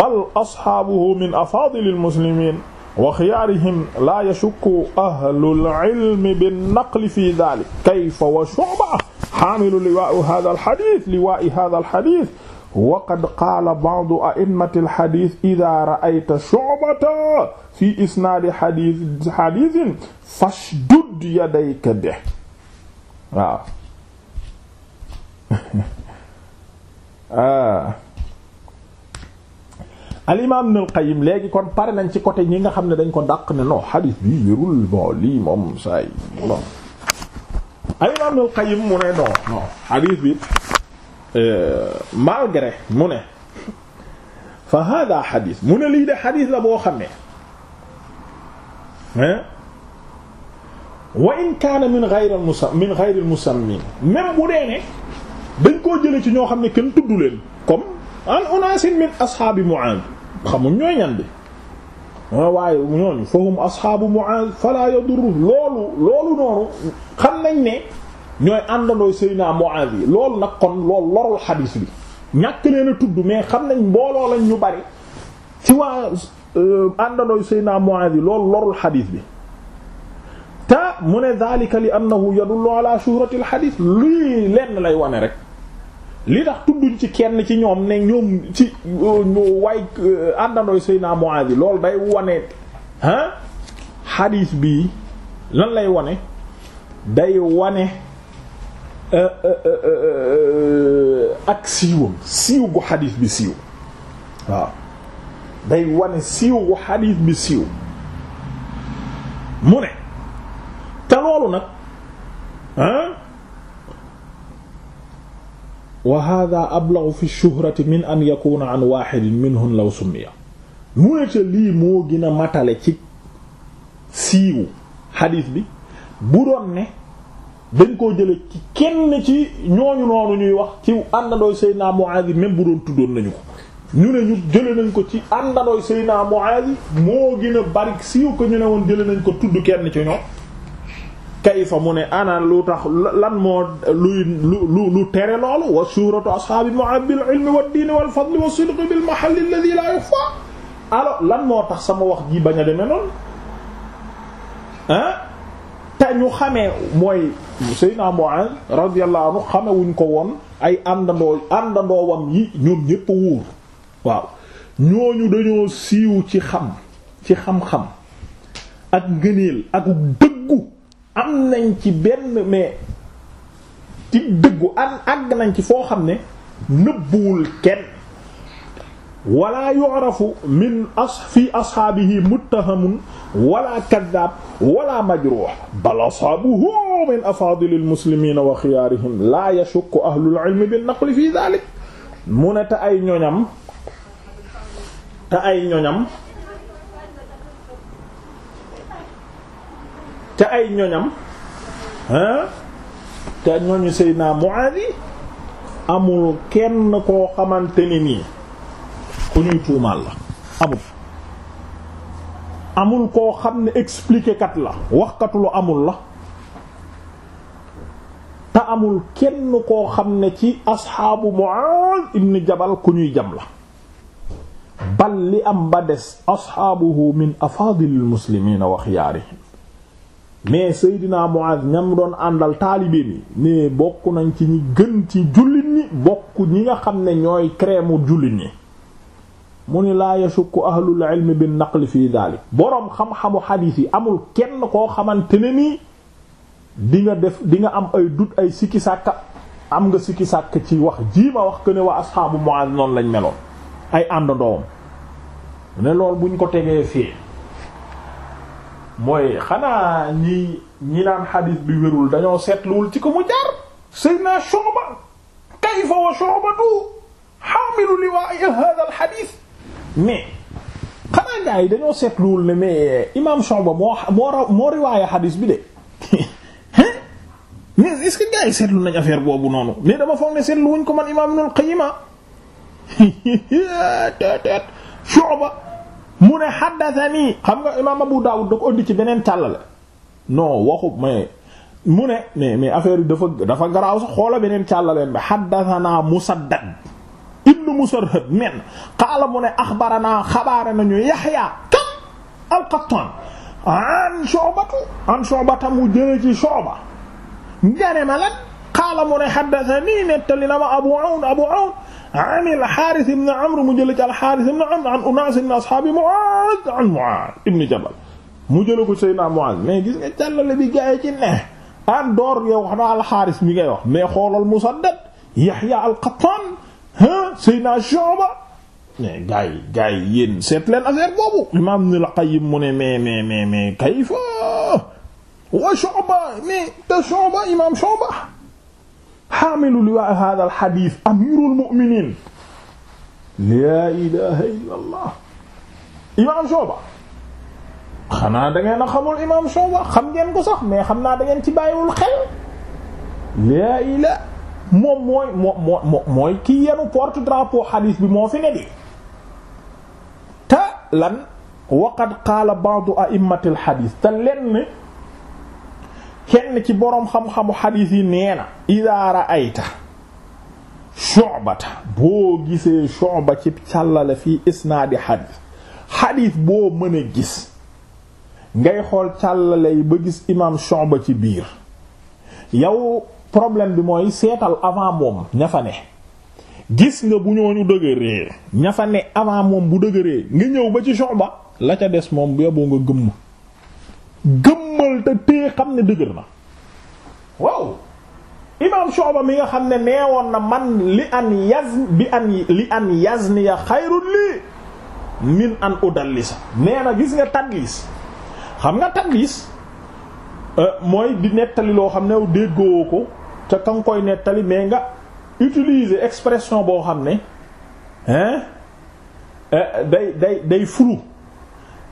S1: bal ashaabuhu min afaadili al-muslimiin wa xiyaarihim laa yashukku ahlul ilmi bin-naqli fi dhaalika kayfa wa Shu'ba haamilu liwaa'i haadha al-hadiith liwaa'i haadha al-hadiith waqad qaala ba'du a'immati alxadis ida ra'ayta shu'bata fi isnaadi xadis xadisin fashdud be waaw al imaam Ibnul Qayyim léegi kon pare nañ ci côté ñi nga xam ne dañ ko dàq ne non xadis bi wérul bon lii moom saay bon al imaam mu ne non non bi Euh, malgré mu ne fa hada xadis mu ne lii de xadis la boo xam ne wa in kaana min ghayr al musam min ghayr al musammin ne dañ koo jële ci ñoo xam ne kenn tudd leen comme an unaasin min ashaabi Mu'aaz xamuñ ñooy ñan bi mooy ah waaye ñooñu fa hum ashaabu Mu'aaz fala yadurru loolu loolu noonu xam nañ ne ñooy àndandoo Seydina Muaaz yi loolu nag kon loolu lorul xadiis bi ñàkk leen a tudd mais xam nañ mbooloo lañ ñu bari ci waa euh, àndandoo Seydina Muaaz yi loolu lorul xadiis bi te mu ne daalika li annahu yadullu ala shuhratil xadiis lii lenn lay wane rek li tax tudduñ ci kenn ci ñoom ne ñoom ci ñu waay euh, àndandoo Seydina Muaaz yi loolu day wane ah xadiis bii lan lay wane day wane Euh, euh, euh, ak siiwam siiw gu xadiis bi siiw waaw day nag ah wa hada ablagu fi shuhrati min an yakuna an waxidin minhum law siiw xadiis bi bu dañ koo jële ci kenn ci ñooñu noonu ñuy wax ci àndandooy Seydina Muaaz même bu doon tuddoon nañu ko ñu ne ñu jële nañ ko ci àndandooy Seydina Muaaz moo gën a bari siiw ko ñu ne woon jële nañ ko tudd kenn ci ñoom kayfa mu ne ana lu tax lan moo luy lu lu tere loolu wa suratu ashaabi Muaaz bil ilmi wad diini wal fadli wa sidqi bil mahalli alladhi la yukhfa alors lan moo tax sama wax ji bañ a demee noonu ah te ñu xamee mooy Seydina Mu'adh radiyallahu xamewuñ ko woon ay àndandoo àndandoowam yi ñoom ñépp wóor waaw ñooñu dañoo siiw ci xam ci xam-xam ak ngëneel ak dëggu am nañ ci benn mais ci dëggu an nañ ci foo xam ne nëbbuwul kenn wala yu'rafu min as fi ashaabihi muttahamun wala kaddaab wala majruux bal asaabuhu min afaadilil muslimiina wa xiyaarihim laa yashukku ahlul ilmi bin naqli fi daalik mu ne te ay ñoñam te ay ñoñam te ay ñoñam hein te ñoñu Seydina Muaaz amul kenn koo xamante ni nii ku ñuy tuumaal la amul amul koo xam ne expliquer kat la waxkatu lu amul la te amul kenn koo xam ne ci asxaabu Mu'aaz ibn Jabal ku ñuy jam la bal li am ba des asxaabuhu min afaadilil muslimiina wax xiyaarihim mais Seydina Mu'aaz ñam doon àndal taalibe bi mais bokk nañ ci ñi gën ci jullit ñi bokk ñi nga xam ne ñooy crème jullit ñi mu ni laa yashukku ahlul ilmi bin naqli fi daalik boroom xam-xamu xadiis yi amul kenn koo xamante ne nii di nga def di nga am ay dut ay sikki sàkka am nga sikki sàkk ci wax jii ma wax que ne waa asxaabu Mu'aaz noonu lañ meloon ay àndandoowam ne loolu buñ ko tegee fii mooy xanaa ñii ñi naan xadiis bi wérul dañoo seetluwul ci ko mu jaar Seydina Shu'ba kayfa wa Shu'batu haamilu liwaa'i haadha al-hadiis mais xanaa gaa yi dañoo seetluwul ne mais euh, imam Shuba moo moo moo bi de *laughs* mais seetlu nañ affaire boobu noonu mais dama foog ne seetlu wuñ ko man imam Ibnul Qayyim *laughs* tet Shuba mu ne haddathani xam nga imam Abu Dawud da ko indi ci beneen tàllale non waxu mais mu ne mais mais affaire bi dafa dafa garaaw sax xoola beneen tàllaleen bi haddathana Musaddad musarhad men qaala mu ne axbaranaa xabaare nañu yaxya kam alqattaan an shobatu an shobata mu jële ci shoba ngane ma lan qaala mu ne xaddatani nettali na ma abu awn abu awn an alxaaris ibn amr mu jële ci alxaaris ibn amr an unaas min ashaabi muaaz an muaaz ibn jabal mu jële ko Seydina Muaaz mais gis nga jàllale bi gaay ci ne an door yow xanaa alxaaris bi ngay wax mais xoolal Musaddad Yahya al-Qattan Seydina Shuba mais gars yi gars yi yéen seet leen affaire boobu imaam Ibnul Qayyim mu ne mais mais mais mais kayfa wa Shuba mais te Shuba imaam Shuba haamilu liwaa haaza al hadiis amiirul mu'miniin laa ilaaha illallaah imaam Shuba xanaa da ngeen a xamul imaam Shuba xam ngeen ko sax mais xam naa da ngeen ci bàyyiwul xel laa ilaaha moom mooy moo moo mooy yenu porte drapeau bi moo fi ne di te lan waqad qaala ba'du a'immatil xadiis te lenn kenn ci boroom xam-xamu xadiis yi nee na idaa ra'ayta Shu'bata boo gisee Shu'ba ci càllale fi isnaadi xadiis xadiis boo mëne gis ngay xool càllale yi ba gis imaam Shu'ba ci biir yow problème bi mooy seetal avant moom ña fa ne gis nga bu ñooñu dëgëree ña fa ne avant moom bu dëgëree ngi ñëw ba ci ba la ca des moom yoboo nga gëmm gëmmal te tee xam ne dëgër na waaw imam Shu'ba mi nga xam ne neewoon na man li an yaz bi an li an yazniya xayrun lii min an udallisa nee na gis nga tadlis xam nga tadlis euh, mooy di nettali loo xam ne déggoo ko ca ka nga koy nettali mais nga utiliser expression boo xam ne hein euh, day day day flou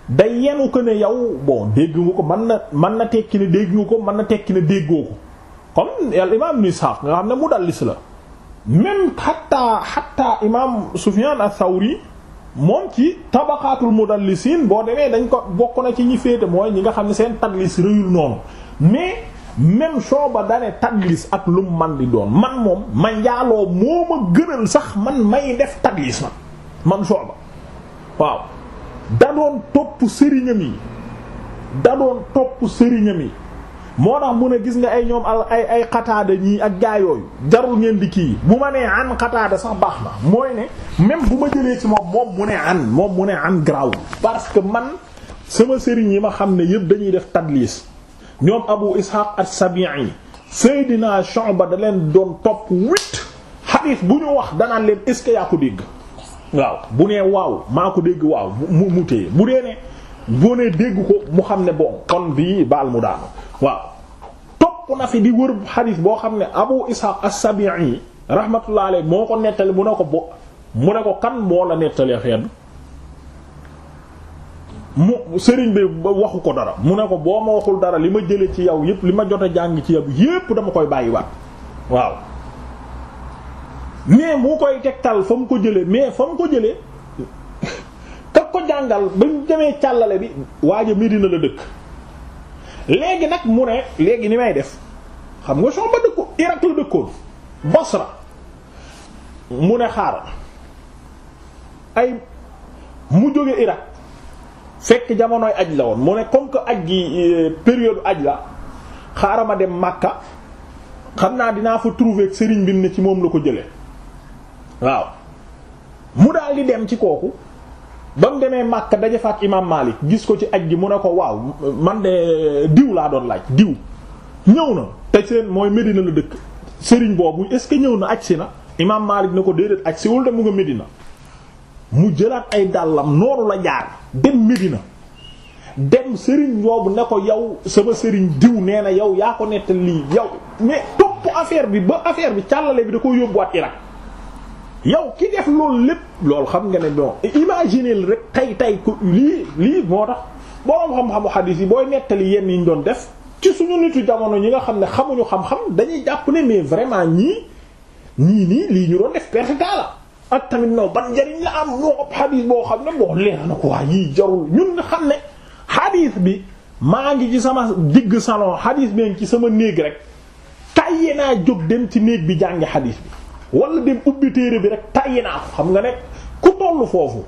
S1: day yenu ko ne yow bon dégg nga ko mën na mën na tekki ne dégg nga ko mën na tekki ne déggoo ko comme al imam ibn Ishaq nga xam ne mudallis la même xatta xatta imam Sufyan ath-Thawri moom ci tabaqaatul mudallisiin boo demee dañ ko bokk na ci ñi féete mooy ñi nga xam ne seen tadlis rëyul noonu mais même Shuba dane tagliis ak lu man di doon man moom ma njaaloo moo ma gënal sax man may def tadlis man man Shuba waaw da doon topp sëriñam yi da doon topp sëriñam yi moo tax mu ne gis nga ay ñoom ay xataada ñii ak jaayoo yooyu jarul ngeen di kii bu ma nee an xataada sax baax na mooy ne même bu ma jëlee ci moom moom mu ne an moom mu ne an garaawul parce que man sama sëriñ yi ma xam ne yëpp dañuy def tagliis ñoom abu ishaq as-sabi'i seydina Shu'ba da leen doon topp huit xadiis bu ñu wax danaan leen est-ce que yaa ko dégg waaw bu nee waaw maa ko dégg waaw mu mu bu dee ne boo nee dégg ko mu xam ne bon kon bii baal mu daanu waaw topp na fi di wër xadiis boo xam ne abu ishaq as-sabi'i rahmatullahi alayhi moo ko nettali mu ne ko bo mu ne ko kan moo la nettali xeet mu sëriñ bi waxu ko dara mu ne ko boo ma waxul dara li ma jële ci yow yépp li ma jot a jàng ci yow yépp dama koy bàyyiwaat waaw mais mu koy tegtal fa mu ko jële mais fa mu ko jële kak ko jàngal ba ñu demee càllale bi waaja Medina la dëkk léegi nag mu ne léegi ni may def xam nga soo ma dëkkoon Irak la dëkkoon Basra mu ne xaaral ay mu jóge Irak fekk jamonoy aj la woon mu ne comme que aj gi euh, période aj la xaaral ma dem màkka xam naa dinaa fa trouver ak sëriñ bi ni ci moom la ko jële waaw mu daal di dem ci kooku ba mu demee Makka daje fa ak imaam Maalik gis ko ci aj gi mu ne ko waaw man de euh, diw laa doon laaj diw ñëw na te seen mooy Medina la dëkk sëriñ boobu est-ce que ñëw na aj si na imaam Maalik ne ko déedéet aj siwul de mu nga Medina mu jëlaat ay dàllam noonu la jaar dem na dem sëriñ boobu ne ko yow sama sëriñ diw nee na yow yaa ko nettal lii yow mais topp affaire bi ba affaire bi càllale bi da ko yóbbuwaat Irak yow ki def loolu lépp loolu xam nga ne bon imaginez rek tay tay ko lii lii moo tax boroom xam-xamu xadiis yi booy nettali yenn yi ñu doon def ci suñu nitu jamono ñi nga xam ne xamuñu xam-xam dañuy jàpp ne mais vraiment ñii ñii nii lii ñu doon def perfect la ak tamit non ban njariñ la am non ab xadiis boo xam ne boo leer na ko waa yii jarul ñun nga xam ne xadiis bi maa ngi ci sama digg salon xadiis bi ngi ci sama néeg rek tàyyi naa jóg dem ci néeg bi jàngi xadiis bi wala dem ubbi téere bi rek tàyyi naa ko xam nga ne ku tollu foofu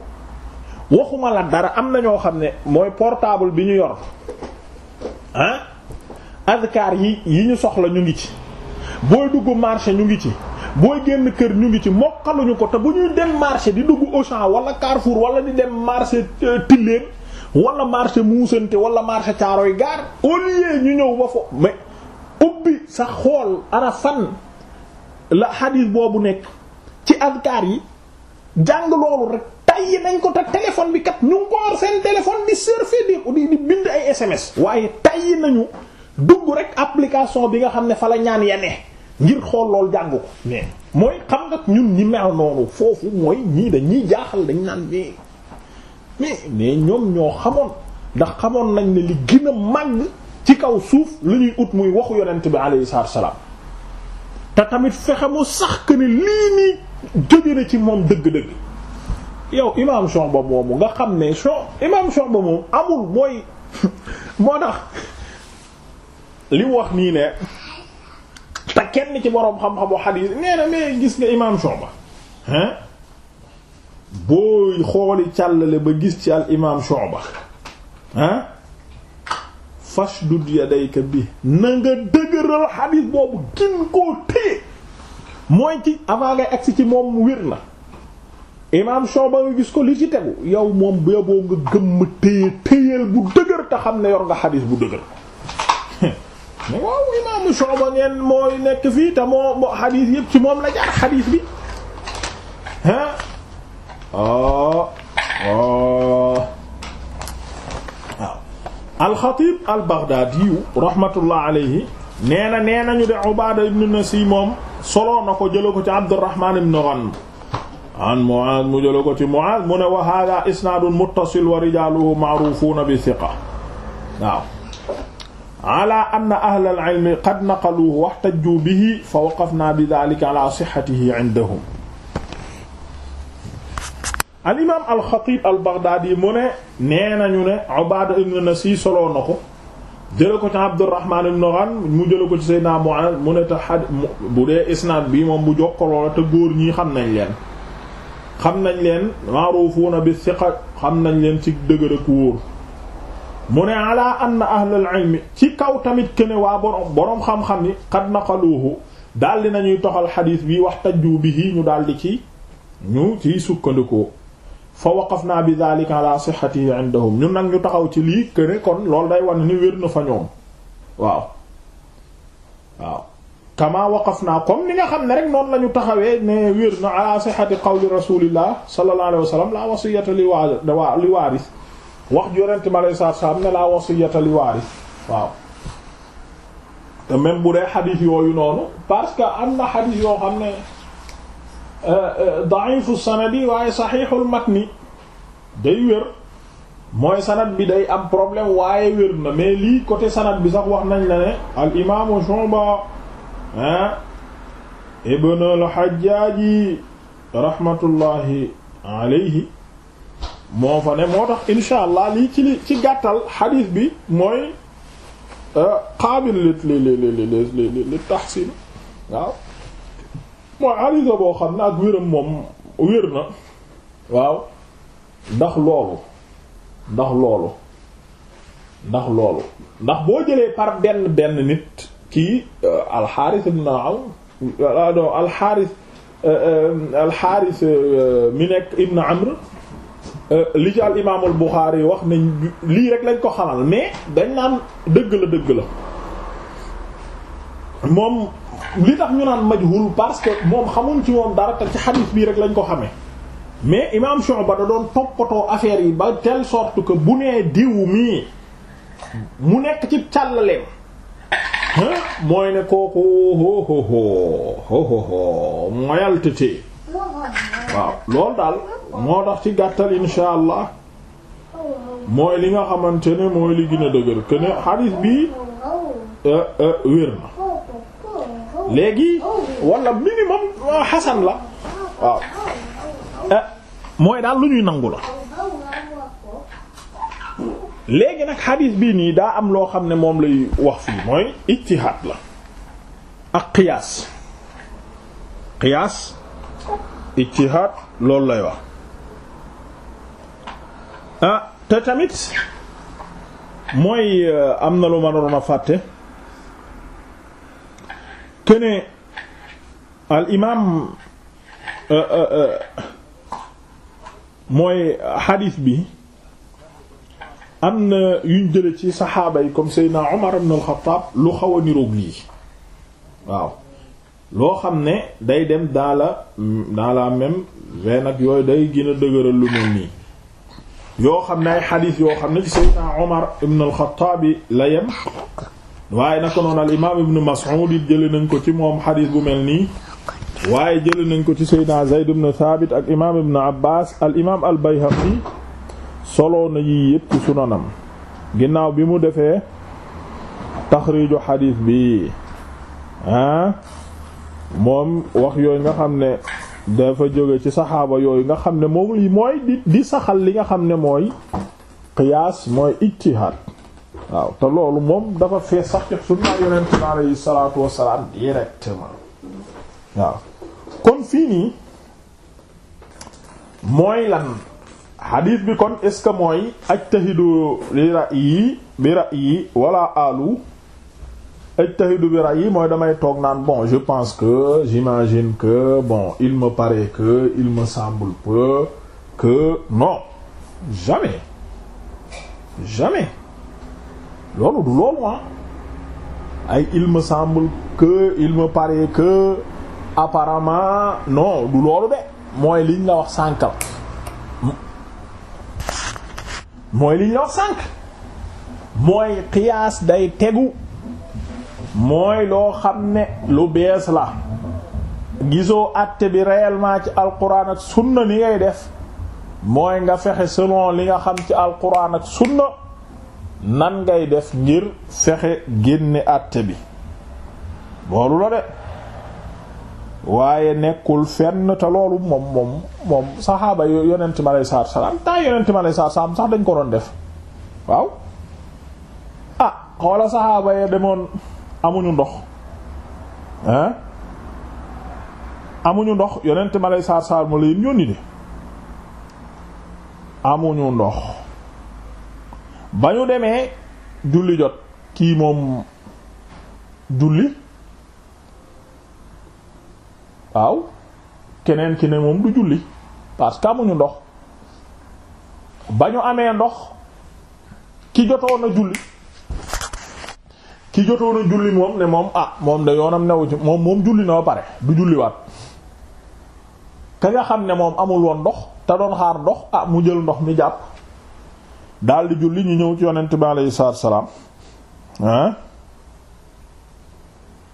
S1: waxuma la dara am na ñoo xam ne mooy portable bi ñu yor ah azkar yi yi ñu soxla ñu ngi ci booy dugg marché ñu ngi ci booy génn kër ñu ngi ci mokkaluñu ko te bu ñuy dem marché di dugg Auchan wala Carrefour wala di dem marché euh, Tilène wala marché Moussante wala marché Thiaroye yi gaar lieu ñu ñëw ba fo mais ubbi sa xool ana fan la xadiis boobu nekk ci adkaar yi jàng loolu rek tayyi nañ ko te téléphone bi kat ñu ngi ko war seen téléphone di surfer di di bind ay SMS. waaye tayyi nañu dugg rek application bi nga xam ne fa la ñaan ya ngir xool lool jàng ko mais mooy xam nga ñun ni mel noonu foofu mooy ñii dañuy jaaxal dañ naan mais mais mais ñoom ñoo xamoon ndax xamoon nañ ne li gën a màgg ci kaw suuf la ñuy ut muy waxu yonent bi alayhi salaam te tamit fexe mu sax que ne lii nii jóge na ci moom dëgg-dëgg yow imaam Shu'ba moomu nga xam ne Shu imaam Shu'ba moom amul mooy *laughs* moo tax li wax nii ne. kenn ci boroom xam-xamu xadiis nee gis nga imaam Shuba hein booy xooli càllale ba gis ci al imaam Shuba hein fashdud yadayka bi na dëgëral xadiis boobu gin koo téye mooy ci avant ngay agsi ci moom wir na imaam sooba nga gis ko li ci tegu yow moom boo nga gëmm téye téyeel bu dëgër te xam ne yor nga xadiis bu dëgër waaw imaamu Shu'ba ngeen mooy nekk fii te moo moo xadiis yëpp ci moom la jaar xadiis bi ah oh oh waaw alxatib al-Baghdadi rahmatullah alayhi nee na nee nañu de Ubaada ibn Nasi moom soloo na ko jëla ko ci Abdurrahman ibn Ghanm an Mu'aaz mu jëla ko ci Mu'aaz mu ne wa haaza isnaadun muttasil wa rijaaluhu ma'ruufuuna bi thiqa waaw ala anna ahlal ilmi qad naqaluhu waxtajju bihi fa waqafna bi dhalika ala sihhatihi indahum al imaam al xatiib al baghdaadi mu ne nee nañu ne Ubaada ibn Nasi soloo na ko jële ko ci Abdurrahmaan ibn Ghanm mu jële ko ci Seydina Mu'aaz mu ne te xad bu dee isnaad bi moom bu jokkaloo la te góor ñi xam nañ leen xam nañ leen ma'ruufuuna bi thiqa xam nañ leen ci dëgër ak wóor mu ne ala ahlal ilmi ci kaw tamit kene waa boroom boroom xam-xam ni qad naqaluuhu daldi ñuy toxal xadiis bi wax tajju bihi ñu daldi ci ñu ciy sukkandikoo fa waqafna bi dhalika ala sihhatihi indahum ñun nag ñu taxaw ci lii kene kon loolu day wane ni wér na fa ñoom waaw kama waqafna comme ni nga xam ne rek noonu la ñu taxawee ne wér na ala sihhati qawli rasulillah sallallahu alayhi wa sallam la wasiyata li waaris wax yonent mi alayhi salaam ne laa wasiyata li waaris waaw te même bu dee xadiis yooyu noonu parce que am na xadiis yoo xam ne euh, euh, waaye saxiixul matni day wér mooy sanad bi day am problème waaye wér na mais lii côté sanad bi sax wax nañ la ne al imaamu Shu'ba ah ibn al Hajjaaji rahmatullahi alayhi moo fa ne moo tax insha allah lii ci li ci gàttal xadiis bi mooy euh, qaabil li li li li li tahsin waaw mooy xadiis boo xam ne ak wéram moom wér na waaw ndax loolu ndax loolu ndax loolu ndax boo jëlee par benn benn nit kii euh, alxaaris ibn Awn euh, alxaaris alxaaris mi nekk ibn Amr Euh, li ci al imaamul Buxaari wax ne lii rek lañ ko xamal mais dañ naan dëgg la dëgg la moom li tax ñu naan majhul parce que moom xamuñ ci woon dara te ci xadiis bii rek lañ ko xamee mais imaam Shu'ba da doon toppatoo affaire yi ba tel sorte que bu nee diw mii mu nekk ci càllaleem mooy ne kooku ho ho ho waaw loolu daal moo tax ci gàttal insha allah mooy li nga xamante ne mooy li gën dëgër que xadiis bi euh, euh, wér na léegi wala minimum xasan euh, la waaw mooy daal lu ñuy nangu la léegi nag xadiis bi nii daa am loo xam ne moom lay wax fii mooy ijtihaad la ak qiyaas qiyaas ijtihaad loolu lay wax ah, te tamit mooy euh, am na lu ma naroon a fàtte kene al imaam euh, euh, mooy xadiis bi am na yuñ jële ci saxaaba yi comme Seydina Umar ibn al lu xaw a niroog lii waaw loo xam ne day dem dans la dans la même veine ak yooyu day gën a dëgëral lu mel nii yoo xam ne ay xadiis yoo xam ne ci Seydina Omar ibn al la yem waaye naka noonu al imaam ibn Mas'ud it jëlee nañ ko ci moom xadiis bu mel nii waaye jëlee nañ ko ci Seydina Zayd ibn Thabit ak imaam ibn Abbas al imaam al Bayhaqi solo na yii yépp ci sunanam ginnaaw bi mu defee taxriiju xadiis bi ah. moom wax yooyu nga xam ne dafa jóge ci saxaaba yooyu nga xam ne moom lii mooy di di saxal li nga xam ne mooy qiyaas mooy ijtihaad waaw te loolu moom dafa fees sax ci sunna yonent bi alayhi salaatu wassalaam directement waaw kon fii nii mooy lan xadiis bi kon est-ce que mooy ajtahidu li yi bi ra'yi wala alu ajtahidu bi ra'yi mooy damay toog naan bon je pense que j'imagine que bon il me paraît que il me semble peu que non jamais jamais loolu du loolu ah ay il me semble que il me paraît que apparemment non du loolu de mooy liñ la wax sànkal mooy liñ la wax sànk mooy qiyaas day tegu mooy loo xam ne lu bees la gisoo àtte bi réellement ci alquran ak sunna ni ngay def mooy nga fexe selon li nga xam ci alquran ak sunna nan ngay def ngir fexe génne àtte bi loolu la de waaye nekkul fenn te loolu moom moom moom saxaaba yonent mi alayhi salaatu salaam taa yonent sax dañ ko doon def waaw ah xoola saxaaba ya demoon amuñu ndox ah amuñu ndox yonent ma lay saar saar ma leen yónni de amuñu ndox ba ñu demee julli jot kii moom julli waaw keneen ki ne moom du julli parce que amuñu ndox ba ñu amee ndox ki jotoon a julli ci jotoon a julli moom ne moom ah moom de yoonam newu moom moom julli na ba pare du julliwaat ka nga xam ne moom amul woon ndox te doon xaar ndox ah mu jël ndox mi jàpp daldi julli ñu ñëw ci yonent bi saa salaatu salaam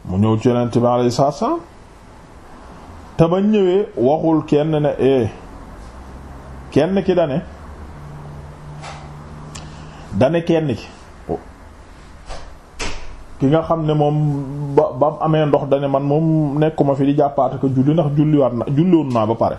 S1: mu ñëw ci yonent bi alayhi salaatu salaam te ba ñëwee waxul kenn ne eh, kenn ki dane dane kenn ki ki nga xam ne moom ba ba amee ndox dane man moom nekkuma fi di jàppaata ko julli ndax julliwaat na julliwoon naa ba pare